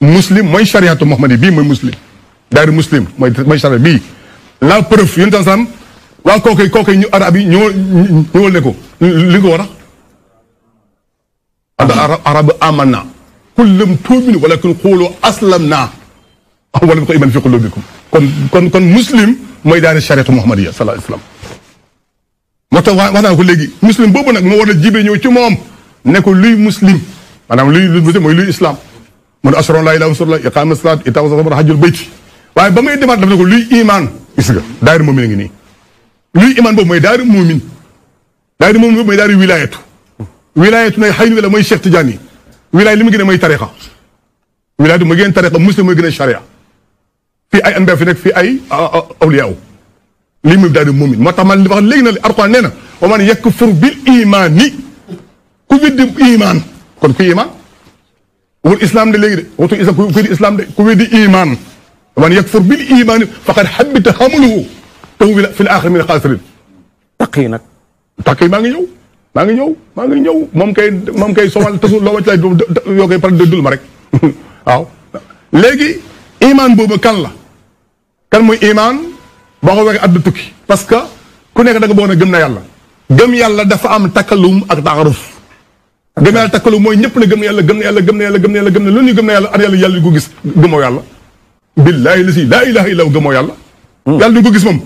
muslim mooy chariatu Muhammadi bi mooy muslim daari muslim mooy mooy bi la preuve yonent salaam waa kookoy kookoy ñu arab yi ñoo ñëwal ne ko li ko war a ada arabu amanna kul lam tuuminu walakin quulu aslam naa wala ko iman fi qulubikum kon kon kon muslim mooy daari chariatu Muhammadiya sallallahu alayhi wa ko léegi muslim boobu nag moo war jibe ñëw ci moom ne ko luy muslim maanaam luy luy mooy luy islam man asron laa ilaaha illallah iqaama salaat itaaw zakat hajjul bayti waaye ba muy demaat daf ne ko luy imaan gis nga daayira moomin a ngi nii luy imaan boobu mooy daayira moomin daayira moomin boobu mooy daayira wilaayatu wilaayatu nag xëy na mooy Cheikh Tidiane wilaay li mu gën a mooy tariqa wilaayatu mooy gën a tariqa muslim mooy gën a charia fii ay anbiya fi nekk fii ay awliyaaw lii mooy daayira moomin moo tax man li wax léegi na Alxuraan nee na wa man yakfur bil imaani ku weddi imaan kon ku imaan والاسلام دي لي اوتو اسلام كوي دي اسلام دي كوي دي ايمان من يكفر بالايمان فقد حبت حمله تو في الاخر من الخاسرين تقينا تقي ماغي نيو ماغي نيو ماغي نيو مام كاي مام كاي سومال تسو لو واتلاي يوكاي بار دولما رك واو لغي ايمان بوبو كان لا كان موي ايمان باغو وري اد توكي باسكو كو نيك داغ بونا گم نا يالا گم يالا دا فا ام تاكلوم اك تعرف gëm yàlla takkalu mooy ñëpp ne gëm na yàlla gëm na yàlla gëm na yàlla gëm na yàlla gëm gëm na yàlla an yàlla yàlla di ko gis gëmoo yàlla billaahi la si laa ilaha illa gëmoo yàlla hmm. yàlla di ko gis yàlla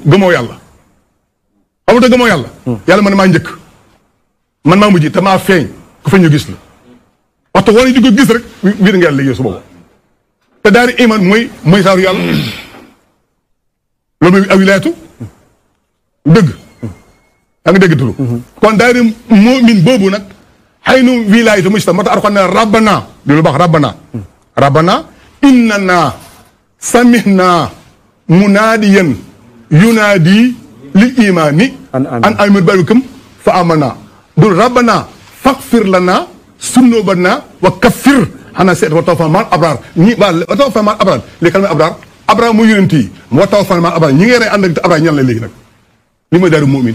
yàlla hmm. yàlla man maa njëkk man maa mujj te maa feeñ ku feeñ ñu gis la waxtu woon di ko gis rek wir nga yàlla léegi su boobu te daari iman mooy mooy saaru yàlla loolu mooy awilaatu dëgg da hmm. nga dégg tulu kon daari moomin boobu nag haynu wilayatu mujtama mata ar kone rabbana lulu baax rabbana rabbana innana samihna munadiyan yunadi li imani an amir barikum fa amana dul rabbana faghfir lana sunnubana wa kaffir hana seet wa tawfana mal abrar ñi wa tawfana mal abrar li kalma abrar abrar mu yonent yi wa tawfana mal abrar ñi ngay rey ànd ak abrar ñan la léegi nag li mooy daaru mu'min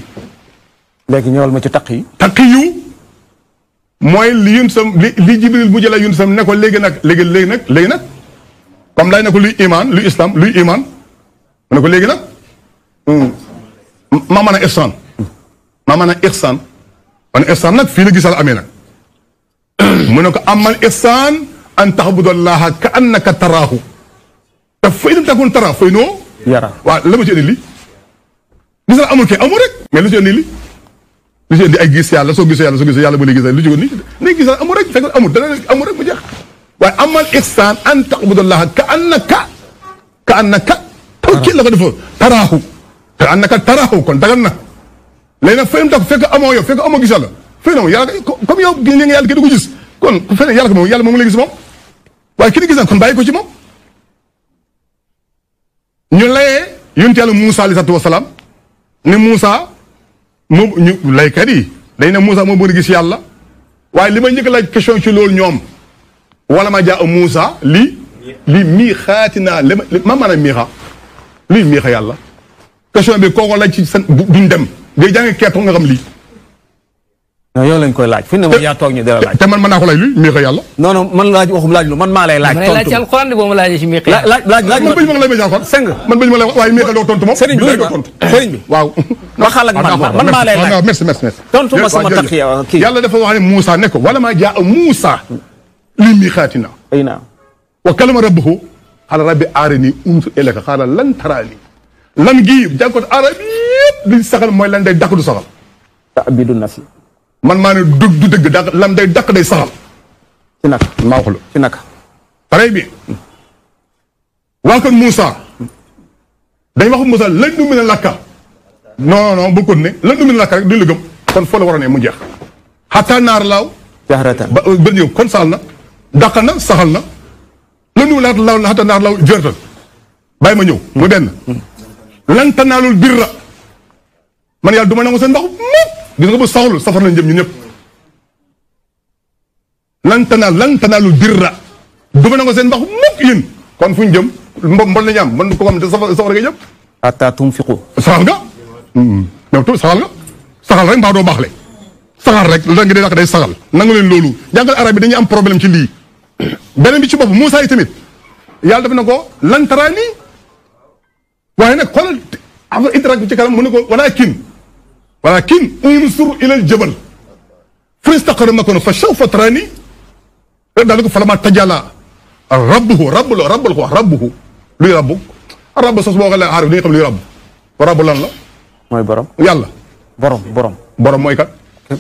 léegi ñëwal ma ci taq yi taq yu mooy li yun sam li li jibril mu jëla yun sam ne ko léegi nag léegi léegi nag léegi nag comme lay ne ko luy iman luy islam luy iman mu ne ko léegi nag hmm. ma mën a ihsan ma mën a ihsan man ihsan nag fii la gisal amee nag mu ne ko amal ihsan an tahbudallaha ka annaka taraahu te fa in lam takun tara fa innahu yara waaw la ma ci indi li gisal amul kay amul rek mais la ci li lu ci indi ay gis yàlla soo gisee yàlla soo gisee yàlla ba lay gisal lu ci ni nañ gisal amul rek fekk amul dana amul rek mu jeex waaye amal ihsaan an taqbudallaha ka annaka ka annaka taw ci la ko defoo taraahu ka taraahu kon dagan na léegi nag fay fekk amoo yow fekk amoo gis yàlla fay na moom yàlla comme yow gis kon ku feneen yàlla ko gis moom waaye ki di gis kon bàyyi ko ci moom ñu layee yonent yàlla Moussa alayhi salaatu wa salaam ne Moussa moom ñu laykat yi dañ ne Moussa moo bëgg gis yàlla waaye li ma njëkk laaj question ci loolu ñoom wala ma jaa Moussa li li mii xaati naa li ma mën a miixa luy miixa yàlla question bi kooku laaj ci seen duñ dem ngay jàng kepp nga xam lii non yow lañ koy laaj fi ne ma yaa toog ñu dara laaj te man mën naa ko laaj luy miixa yàlla non non man laaj waxum laaj lu man maa lay laaj tontu alxuraan de boo ma laajee si miixa laaj laaj laaj man bañ ma la laaj alxuraan sëng man bañ ma la waaye miixa doo tontu moom sëriñ bi doo tontu sëriñ bi waaw waxal ak man ah, man maa lay laaj ah, merci merci merci tontu ma sama taqiya kii yàlla dafa wax ne Moussa ne ko wala maa jaa Moussa li miixaatina ay naa wa kalama rabbuhu xaala rabbi arini unzur ilayka xaala lan taraani lan gii jànkoot arab yëpp liñ saxal mooy lan day dakk du saxal tabidu nafsi man maa ne du du dëgg da lam day dàq day saxal. ci naka maa wax la ci naka. très bien. waa kër Moussa. dañ wax Moussa lañ du mën a lakka. non non bu ko ne lañ du mën a lakka rek duñ la gëm kon foo la war a ne mu jeex. xataa naar laaw. jaxarata ba kon saxal na. dàqal na saxal na. lan nu laata laaw na naar laaw jërtal bàyyi ma ñëw. mu benn. Mm. lan tanaalul birra man yàlla du ma nangu seen ndox dina bu sawul safar lañ jëm ñu ñep lan tana lan tana lu dirra duma nga seen bax mukk yéen kon fuñ jëm mbon lañ ñam man ko xam te safar safar ngay jëm hatta tunfiqu saxal nga hmm yow tu saxal nga saxal rek mbaa doo baaxle saxal rek la nga di wax day saxal nga leen lolu jangal arab bi dañu am problème ci li benen bi ci bop Moussa itamit yalla dafa nako lan tarani waye nak xoolal affaire interact ci kanam mu ne ko walakin ولكن انظر الى الجبل فاستقر مكان فسوف تراني ذلك فلما تجلى ربه رب له رب له ربه لي رب رب سوس بو خلا عارف لي لي رب رب لان لا موي بروم يلا بروم بروم بروم موي كات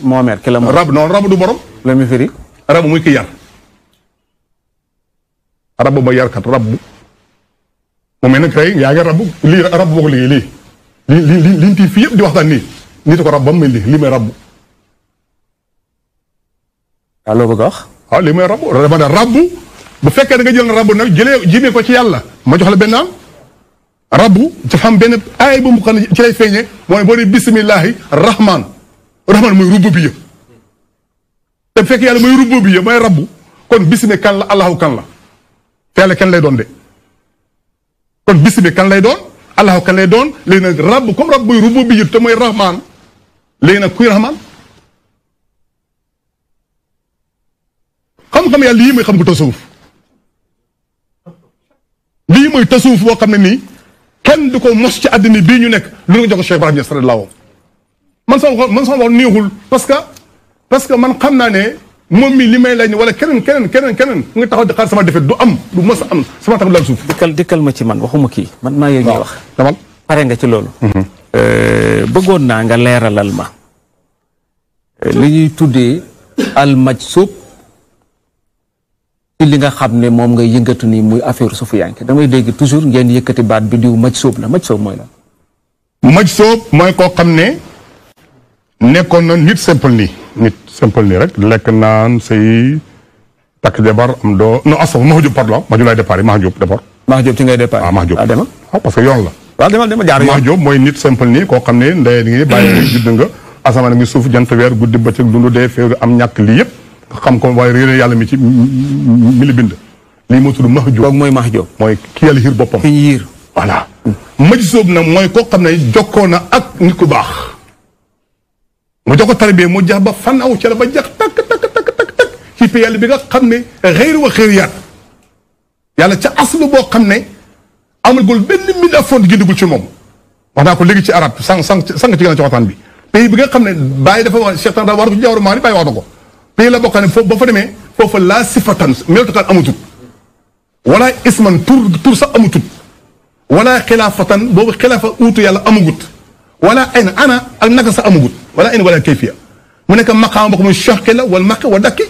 مومير كلام رب نون رب دو بروم لا مي فيري رب موي كي يار رب ما يار كات رب مومين كاي ياغي رب لي رب بو لي لي لي لي لي في يب دي وقتان ني nit ko rab ba mu mel lii may rabbu. allo ah, ah, lii may rabbu dama bu fekkee da nga jël rabbu nag jëlee jëmee ko ci yàlla ma jox la benn am rabbu dafa am aay bu mu xam ne ci lay feeñee mooy boo nee bisimilahi rahman rahman mooy rubbu bi yëpp. te bu fekkee yàlla mooy rubbu bi yëpp mooy rabbu kon bisimi kan la allahu kan la feele kan lay doon de kon bisimi kan lay doon allahu kan lay doon léegi nag rabbu comme rabbu mooy rubbu bi yëpp te mooy rahman. léegi nag kuy raxmaan xam-xam yàlla lii mooy xam ko tasawuf lii mooy tasawuf boo xam ne kenn du ko mos ci àddina bii ñu nekk lu nga jox ko Cheikh Ibrahima Niass radiyallaahu man sama man sama wax neexul parce que parce que man xam naa ne moom mi li may laaj wala keneen keneen keneen keneen nga taxaw di xaar sama defet du am du mos am sama tax du suuf. dëkkal dëkkal ma ci man waxuma kii man maa yooyu ñuy wax. dama pare nga ci loolu. Mhm. Euh, bëggoon naa nga leeralal ma euh, li ñuy tuddee al almajsub ci li nga xam ne moom nga yëngatu nii muy affaire sufu yanke damay dégg toujours ngeen yëkkati baat bi diw majsub la majsub mooy la majsub mooy koo xam ne nekkoon na nit simple nii nit simple nii rek lekk naan sëy takk jabar am doo non asof Mahjub pardon Mahjub laay départ Mahjub d'abord Mahjub ci ngay départ waaw ah, Mahjub ah, ah, parce que yoon la waaw demal jaar yoon mooy nit simple nii koo xam ne ndey ngi bàyyi judd nga asamaan ngi suuf jant weer guddi bëccëg dundu dee féeru am ñàkk lii yëpp xam ko waaye réeré yàlla mi ci mi bind lii moo tudd Mahjub kooku mooy Mahjub mooy ki yàlla xiir boppam ki yiir voilà majsoob na mooy ko xam ne jokkoo na ak nit ku baax mu jox ko tarbiya mu jax ba fan aw ca ba jax takk takk takk takk takk yàlla bi nga xam ne xëyri wa xëyriyaat yàlla ca aslu boo xam ne amagul benn milliard fond gindagul ci moom wax naa ko léegi ci arab sànq sànq sànq ci gën a ci waxtaan bi pays bi nga xam ne bàyyi dafa wax Cheikh Tanta war ko ci jawru maa ni bàyyi wax na ko pays la bokkaa ne foofu ba fa demee foofa laa sifatan melotukaan amutut wala isman tur tur sax amutut wala xilaafatan boobu xilaafa uutu yàlla amagut wala ayn ana ak naka sax amagut wala ayn wala kayfiya mu nekk maqaam boo xam ne choqi la wala maq wa dakki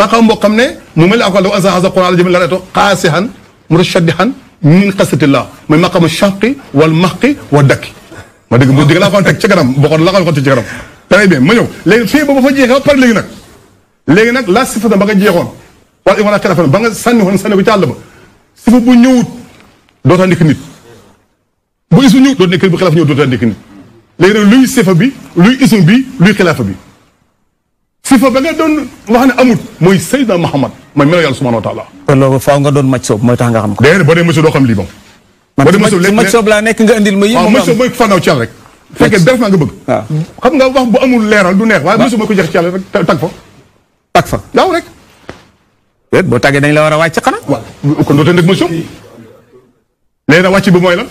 maqaam boo xam ne mu mel ne ak wàllu azaasa quraan la jëmee la reto xaasihan murashadihan من قصد الله من مقام الشرق والمحق والدك ما ديك بو ديك لا كونتك تي كرام بوكو لا كونتك تي كرام تري طيب، بيان ما نيو لي في بو فا جيخا بار لي نك لي نك لا صفه دا باغي جيخون وال ايمان كلا فن باغي ساني هون ساني بي تالبا صفه بو نيوت دوتا نيك نيت بو اسو نيوت دوت نيك بي خلاف نيوت دوتا نيك نيت لي نك لوي صفه بي لوي اسم بي لوي خلاف بي sifa a nga doon wax ne amut mooy Seydina Muhammad mooy melo yàlla subhanahu wa taala. kon loolu faaw nga doon maj soob mooy tax nga xam ko. d'ailleurs boo dee monsieur doo xam lii soob laa nekk nga indil ma yëpp. monsieur mooy fanaw nga xam nga wax bu amul leeral du neex waaye monsieur mooy ko jeex ci yàlla rek tag fa. tag rek. boo tàggee dañ la war a wàcc xanaa. waaw kon dootoo nekk monsieur. léegi nag wàcc bi mooy la.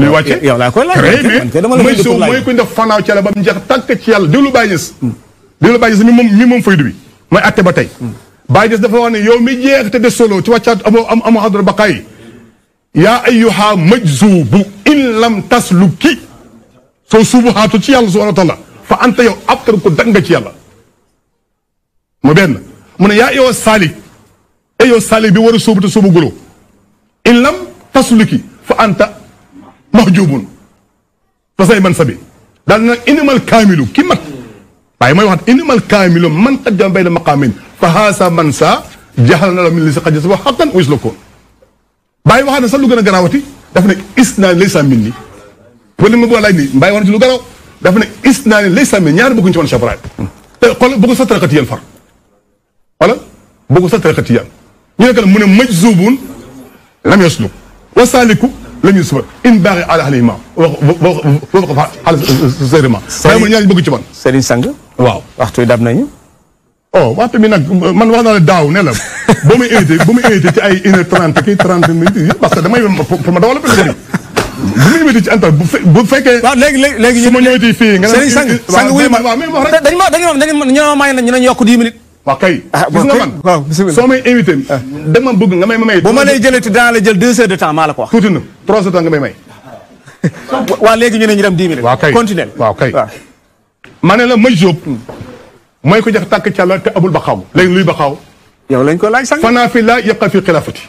li wàcce yow laa koy laaj. très bien monsieur mooy ku ñu def fanaaw ci yàlla ba mu jeex tàkk ci yàlla déglu bàyyi li la bàyyi des mi moom mi moom faydu bi mooy atte ba tey hmm. bàyyi des dafa wax ne yow mi jeex te des solo ci wàccaat amoo am amoo adra baqaay yaa ayyuha majzubu in lam tasluki soo suubuxaatu ci yàlla subhanahu wa taala fa anta yow abtar ko dag nga ci yàlla mu benn mu ne yaa yow saalik e yow saalik bi war a sóobu te sóobu guloo in lam tasluki fa anta mahjubun fa say man sabi daal nag inimal kaamilu ki mat waaye mooy wax inimal kaamilo man xajjam bay na maqaamin fa haasa man sa jaxal na la min li sa xaj sa wax xaqan uis la ko bàyyi waxaat ne sax lu gën a garaawati daf ne is naa lay sa min ni wala ma bëgg laaj ni mbàyyi wax na ci lu garaaw daf ne is naa lay sa min ñaari bëgguñu ci woon safaraay te xool bëggu sa tariqati yéen far wala bëggu sa tariqati yéen ñu nekk mu ne maj zuubun lam yasluk wa saaliku la ñuy suba in baaxee ala xalima wax wax wax wax xaalis sériment. Serigne Serigne bëgg ci man Serigne Sang. waaw waxtu yi dab nañu. oh waxtu bi nag man wax naa daaw ne la boo ma invité boo ma invité ci ay une heure trente kii trente minutes parce que damay pour ma dawal a bëri. bu ma invité bu fe bu fekkee. waaw léegi léegi léegi su ma ñëwee fii nga ne. ma waaw même wax rek. dañu ma dañu ma dañu ma ñu yokk dix minutes. waaw kay. ah bon kay waaw ah. dama bëgg nga may ma may. bu ma lay jëlee dinaa la jël deux heures de temps maa la ko wax. tuuti na trois heures de temps nga may may. waaw léegi ñu ne ñu dem dix minutes. waaw kay kay ma ne la ma jóob mooy ko jox tàkk càlla te abul baxaw léegi luy baxaw yow lañ ko laaj sax fanaa fi laa yaqa fi xilaafati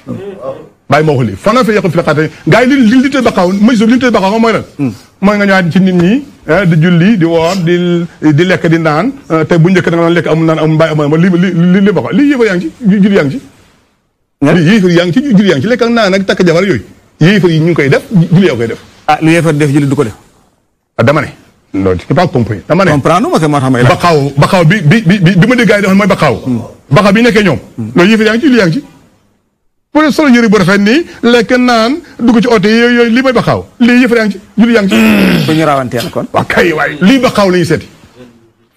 bàyyi ma waxuli fanaa fi yaqa fi xilaafati gars yi li li li tëj baxaw ma jóob li tëj baxaw ma lan hmm. mooy nga ñëwaat ci nit ñi eh, di julli di woor di di lekk di naan eh, te bu njëkk da lekk amul naan amul mbaay amul li li li baxaw lii yëfa yaa ngi ci jur yaa ngi ci li yéefar yaa ngi ci jur yaa ci lekk naan ak takk jabar yooyu yéefar yi ñu ngi koy def julli yaa koy def a ah, lu yéefar def julli du ko def ah, non je n'ai pas compris. dama ne comprendre ma que moo tax may. Bakaaw Bakaaw bi bi bi bi ma dégg gars hmm. bi nekkee ñoom. loolu yëf yaa ngi ci lii yaa ci. pour solo yëre bu rafet nii lekk naan dugg ci oto li may lii mooy Bakaaw lii yëf ci julli yaa ngi ci. Hmm. bu ñu rawanteel kon. waaw kay waay lii Bakaaw la ñuy seeti.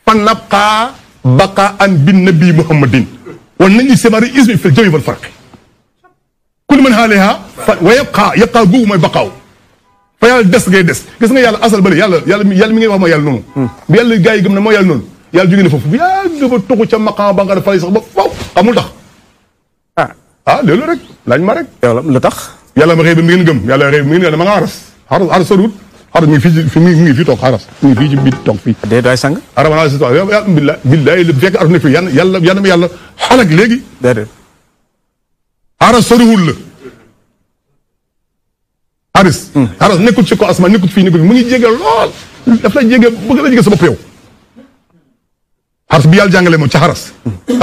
fan nabqaa baqa an bin nabi muhammadin wa najli samari ismi fil jawi wal farqi kullu man alayha fa wa yabqa yabqa googu mooy Bakaaw. fa yàlla des ngay des gis nga yàlla asal bële yàlla yàlla yàlla mi ngay wax mooy yàlla noonu hmm. bi yàlla gars yi gëm ne mooy yàlla noonu yàlla jóge na foofu yàlla dafa tuxu ca maqaam ba nga fay sax ba waaw amul tax ah ah loolu rek laaj ma rek yàlla la tax yàlla ma xëy ba mi ngeen gëm yàlla xëy ba mi ngeen gëm ma nga aras aras aras sarut aras mi ngi fii mi ngi fii toog aras mi ngi fii ci biir toog fii dee doy sang arabanaa si bila billaay bu fekk aras ne fii yàlla yàlla yàlla ma yàlla xalak léegi aras saruwul la Aris. Mm. Aris nekkul ci ko asma nekkul fii nekkul mu ngi jege lool daf lay mm. mm. jege bëgg la jege sa bopp yow. Aris bi yàlla jàngale moom ca Aris.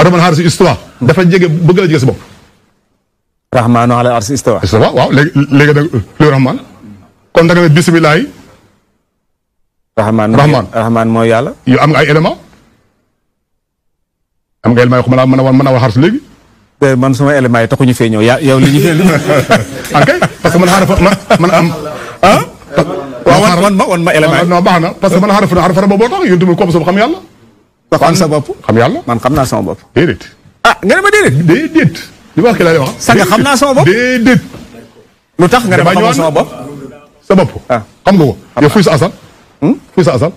Rahman Aris istawa. daf lay jege bëgg la jege sa bopp. Rahmaanu ala Aris istawa. istawa waaw léegi léegi nag lu Rahman. kon da nga ne mooy yàlla. yow am nga ay éléments. am nga éléments yoo xam ne mën a mën a wax Aris léegi. man sama élément yi taxuñu fee ñëw yow li ñu fee li ok ah, parce que man xaaral fa man am ah waaw man ma wan ma élément non baax na parce que man xaaral fa xaaral fa boo tax yéen tamit koom soobu xam yàlla wax am sa bopp xam yàlla man xam naa sama bopp déedéet ah nga ma déedéet déedéet li ma wax ki laa wax naa sama bopp déedéet lu tax nga ne ma xamoo sama bopp sa bopp ah. xam ko yow fuy sa asal hmm? fuy sa asal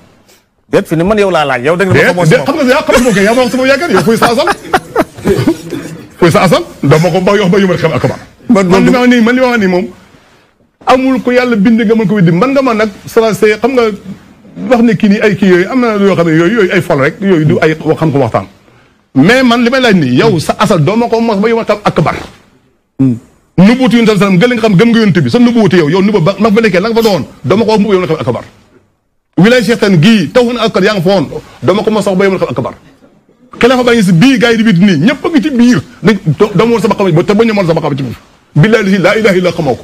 déet fi ni man yow laa laaj yow da nga ma xamoo sama bopp yaa xam nga yaa ma wax fuy sa asal fooy sa asal dama ko ba yox ba yóbbu xam ak ba. man li ma wax moom. amul ko yàlla bind nga mën ko weddi man nga man nag c'est xam nga wax ne kii nii ay kii yooyu am na yoo xam ne yooyu yooyu ay fol rek yooyu du ay xam ko waxtaan. mais man li may laaj nii yow sa asal doo ma ko mos ba yóbbu xam ak ba. Hmm. nubuutu yonent salaam bi sa nubuutu yow yow nubu ba ma fa nekkee la fa doon doo ko wax mbubu yow na xam ak ba. wilaay seetaan gii taw na ak yaa nga fa woon doo ma ko mos ba yóbbu xam ak xilaafa baa ngi si biir gars di biir nii ñëpp a ngi ci biir dañ dama woon sama a moon sama xam ci biir billahi si laa illa xamoo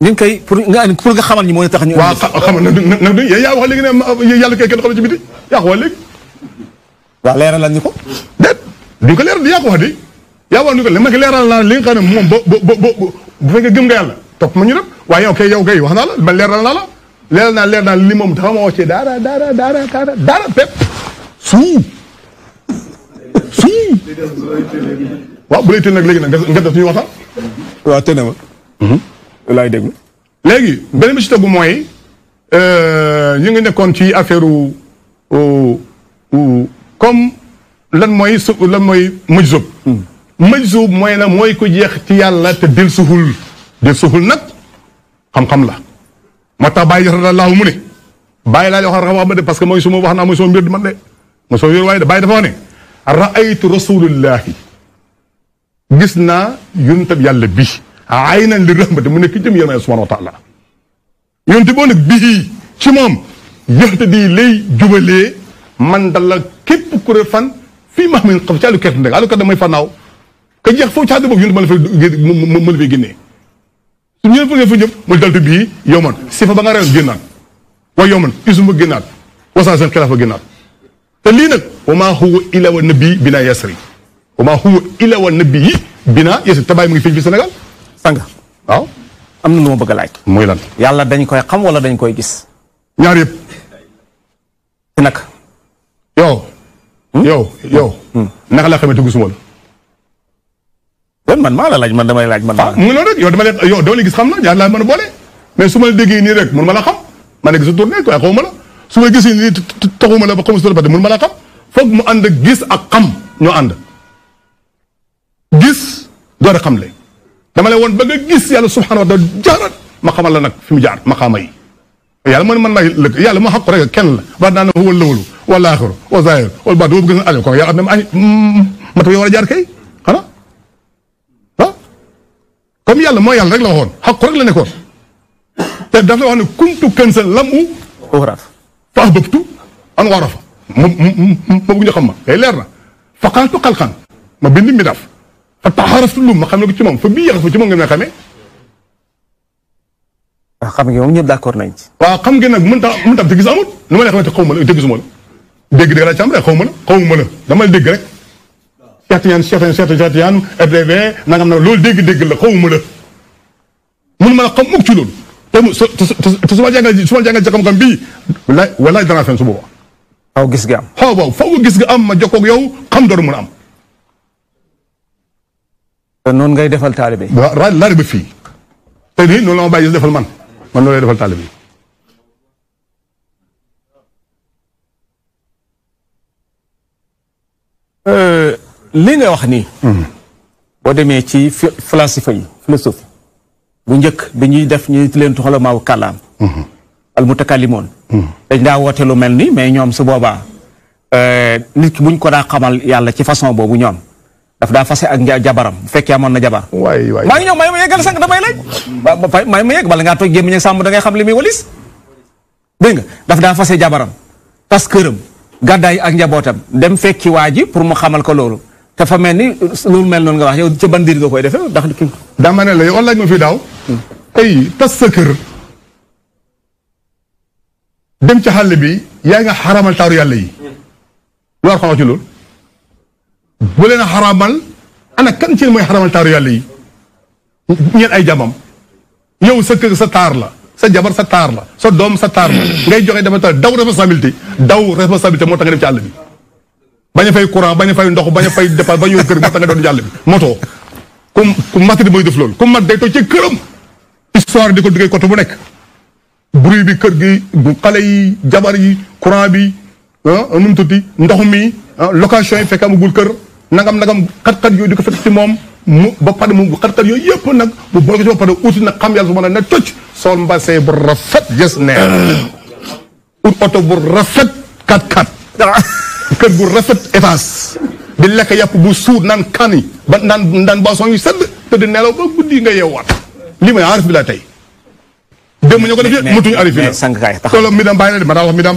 ñu ngi koy pour nga pour nga xamal ñi moo tax ñu waaw xamal na yaa wax léegi ne yàlla koy kenn xam ci biti yaa ko wax léegi ko déet duñ ko leeral yaa ko wax de yaa wax ni naa li nga xam moom bo bu fekkee gëm nga yàlla topp ma ñu dem waaye yow kay yow kay wax naa la leeral naa la leer naa leer naa li moom dafa ci wàccee daara daara daara daara daara pep suu suu waaw bu lay nag léegi nag nga def suñu waxtaan. waaw tënk ma. Mhm. laay déglu. léegi beneen bi si tegu mooy euh, ñu ngi nekkoon ci affaire comme lan mooy su lan mooy mëjsub. mëjsub hmm. mooy na mooy ku jeex ci yàlla te dil suhul dil suhul nag xam-xam la. moo tax bàyyi jox laaw mu ne bàyyi laa wax xam-xam de parce que mooy suma wax naa mooy suma mbir man de mooy suma mbir waaye de bàyyi dafa wax ne raaytu rasulullahi gis naa yontab yàlla bi aynan li rahmati mu ne ki jëm yàlla subhanahu wa taala yonte boo nag bii ci moom yëxte di lay jubalee man dala képp kuré fan fii ma xam ne xam ci àllu kerte ndeg àllu kerte mooy fannaaw ka jeex foofu caadu boobu yonte ma la fay ma la fay génnee su ñëpp ngeen fa jëm mu daltu bii yoman sifa fa ba nga reyoon génnaat wa yoman isum ba génnaat wasaan seen xilaaf ba te lii nag wa huwa ila wa nabi bina yasri wa maa huwa ila wa nabi bina yasri te bàyyi mu ngi feeñ fi Sénégal sanga waaw am na lu ma bëgg a laaj muy lan yàlla dañ koy xam wala dañ koy gis ñaar yëpp nag yo hmm? yo yo hmm. naka la xamee te la kon man maa la laaj man damay laaj man. ah mu ngi noonu rek yow dama leen yow doo leen gis xam na ñaar laa mën a boole mais su ma la déggee nii rek mun ma la xam man nag sa tournée waaye xaw ma la su ma gisee nii taxuma la ba xaw ma si mun ma la xam foog mu ànd gis ak xam ñoo ànd gis door a xamle dama leen woon ba nga gis yàlla subhanahu wa taala jaarat ma xamal la nag fi mu jaar maqaama yi yàlla man man lay lëkk yàlla ma xaq rek kenn la ba naa ne huwa lawlu wal aaxiru wa zaahiru wal baatin wa bëgg na ale ko yàlla am na ma ma taw yow war a jaar kay comme yàlla moo yàlla rek la waxoon xaqu rek la nekkoon te daf la wax ne kuntu kënsa lam u faax bëptu an warafa ma ma bëgg ñu xam ma day leer na faqaatu xalxan ma bind mi daf fa taxaraftu lum ma xam ne ko ci moom fa bii yaxas fa ci moom nga ma xamee waaw xam nga moom ñëpp d'accord nañ ci waaw xam nga nag mën ta mën ta te gis amut nu ma lay xamante xaw ma la te gisuma la dégg dégg laa ci am rek xaw ma la xaw ma la dama la dégg rek seetu seetu seetu seetu yan FDV nangam nag loolu dégg-dégg la xawuma la mun ma la xam mukk ci loolu te su ma jàngalee su ma jàngalee ci xam-xam bii walaay aw gis nga am xaw waaw am ma jokkook ak yow xam door mun a am. te noonu ngay defal taalibe. waaw laaj ba fii te nii noonu la ma bàyyi defal man man noonu lay defal taalibe. li nga wax nii hmm. bo demé ci philosophie yi philosophe bu ñëk bi ñuy def ñuy leen tuxala maaw kàllaam hmm. al mutakallimoon hmm. dañ da wote lu melni ni mais ñom su euh nit ki buñ ko da xamal yalla ci façon bobu ñom daf da fase ak jabaram bu fekkee amoon na jabar way way ma ngi ñëw may ma yeggal sànq damay laaj may ma yegg bal nga da ngay xam limi walis daf da fase jabaram tas keureum gaday ak njabotam dem fekki waji pour mu xamal ko lolu te fa mel ni lu mel noonu nga wax yow ca ban nga koy defee ndax. dama ne la yow laaj ma fi daaw. Hmm. tas sa kër. dem ci xàll bi yaa nga xaramal taaru yàlla yi. Hmm. lu war xam ci loolu. bu leen a xaramal ana kan ci mooy xaramal taaru yàlla yi. ñeen ay jamam yow sa sa taar la sa jabar sa taar la sa doom sa taar la ngay joxe dafa taar daw responsabilité daw responsabilité moo tax nga dem ci àll bi. bañ a fay courant bañ fay ndox bañ a fay dépense bañ a kër bi moto comme comme mat di mooy def loolu comme mat day toj histoire di ko duggee côté bu nekk bruit bi kër gi bu xale yi jabar yi courant bi ah nu mu tudd ndox mi ah, location yi fekk amagul kër nangam nangam xat-xat yooyu di ko fekk ci moom mu ba pare mu xat-xat yooyu yëpp nag bu boole ko ci ba pare uti nag xam yal su ma la ne toj sol mbasee bu rafet gis neex ah. ut oto bu rafet kat kat kër gu rafet étage di lekk yàpp bu suur naan kan ba naan naan boisson yu sedd te di nelaw ba guddi nga yeewaat lii mooy arif bi la tey. démb ñu ko def yëpp mutuñu arif bi la sànq kaay taxaw loolu mi daan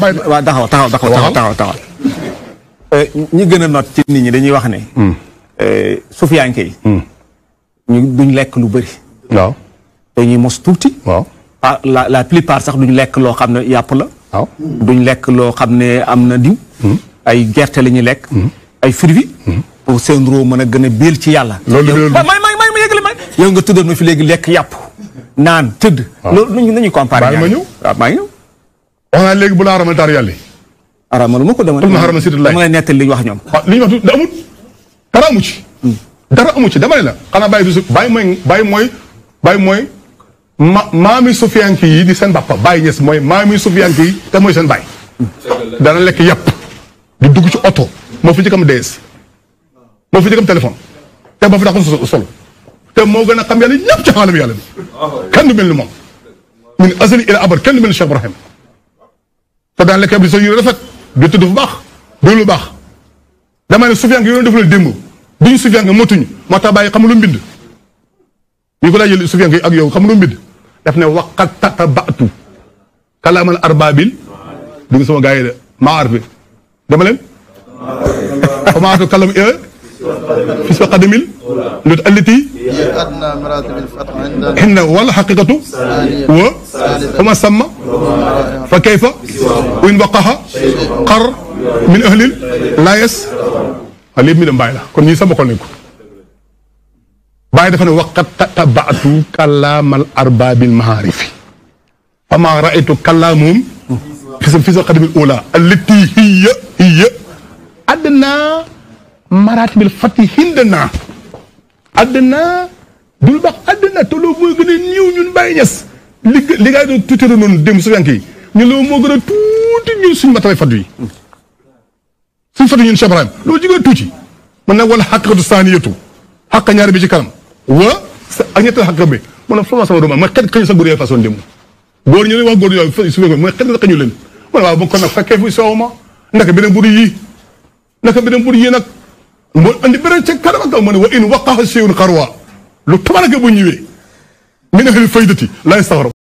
gën a not ci ñi dañuy wax ne. Hmm. Euh, sufiyaanke yi. Hmm. ñu duñ lekk lu bëri. waaw dañuy mos tuuti. waaw la la plupart sax duñ lekk loo xam ne yàpp la. duñ lekk loo xam ne am na diw. Hmm. ay gerte la ñuy lekk. Hmm. ay fruits. Hmm. pour seen roo mën a gën a biil ci yàlla. loolu may may may ma yëgle yow nga tuddal ma fi léegi lekk yàpp naan tëdd. waaw loolu nañu comparé. ma maa ngi ñëw waaw maa wax naa léegi bu la aramal taar yàlla. aramal ma ko dama. dama aramal sëriñ lay dama nettali li wax ñoom. waaw li ñu wax ah, amul dara amu ci. Hmm. dara amu ci dama ne la xanaa bàyyi bi su bàyyi mooy bàyyi mooy bàyyi mooy ma maami sufiyanki yi di seen bàppa bàyyi ñes mooy maami sufiyanki yi te mooy seen bàyyi. dana lekk yàpp di dugg ci oto moo fi njëkkam DS moo fi njëkkam téléphone te moo fi tax solo te moo gën a xam yàlla ñëpp ci xaalam yàlla bi kenn du mel ni moom. min azali ila abar kenn du mel ni Cheikh Ibrahim te daan lekk bi sa yu rafet du tudd bu baax du lu baax damaa ne sufiyanke yooyu def la démb duñu sufiyanke motuñu moo tax bàyyi xam lu mbind ñu ko laajee sufiyanke ak yow xam lu mbind daf ne waqat tata baatu kalaamal arbaabil du nga sama gars yi de maa arfi dama leen وما تكلم إيه في قدم التي أدنى مراتب الفتح عند والحقيقة و وما سمى فكيف وإن بقاها قر من أهل لا يس ليب مي باي لا كون ني سما كون نكو باي دا فني وقت تبعت كلام الارباب المعارف فما رايت كلامهم في القدم الأولى التي هي هي أدنى مراتب الفتح marat أدنى dul bax adna to lo mo gëna ñew ñun bay ñess li li do non dem su yanki ñu lo mo gëna tuti ñun suñu matay fadu yi suñu fadu ñun chebrahim lo jige tuti man wal haqqatu saniyatu haqqa ñaar bi ci kanam wa ak ñettal haqqa bi mo na fama sama do ma xet xey sa façon dem gor ñu wax gor yoy su xet man waaw kon nag fekkee fi soow ma ndaka beneen bur yi ndaka beneen bur yi nag moo andi beneen ca kanam ak ma ne wa in waqaha shay'un xarwa lu tabaraka bu ñëwee min ahli faydati la yastaxrab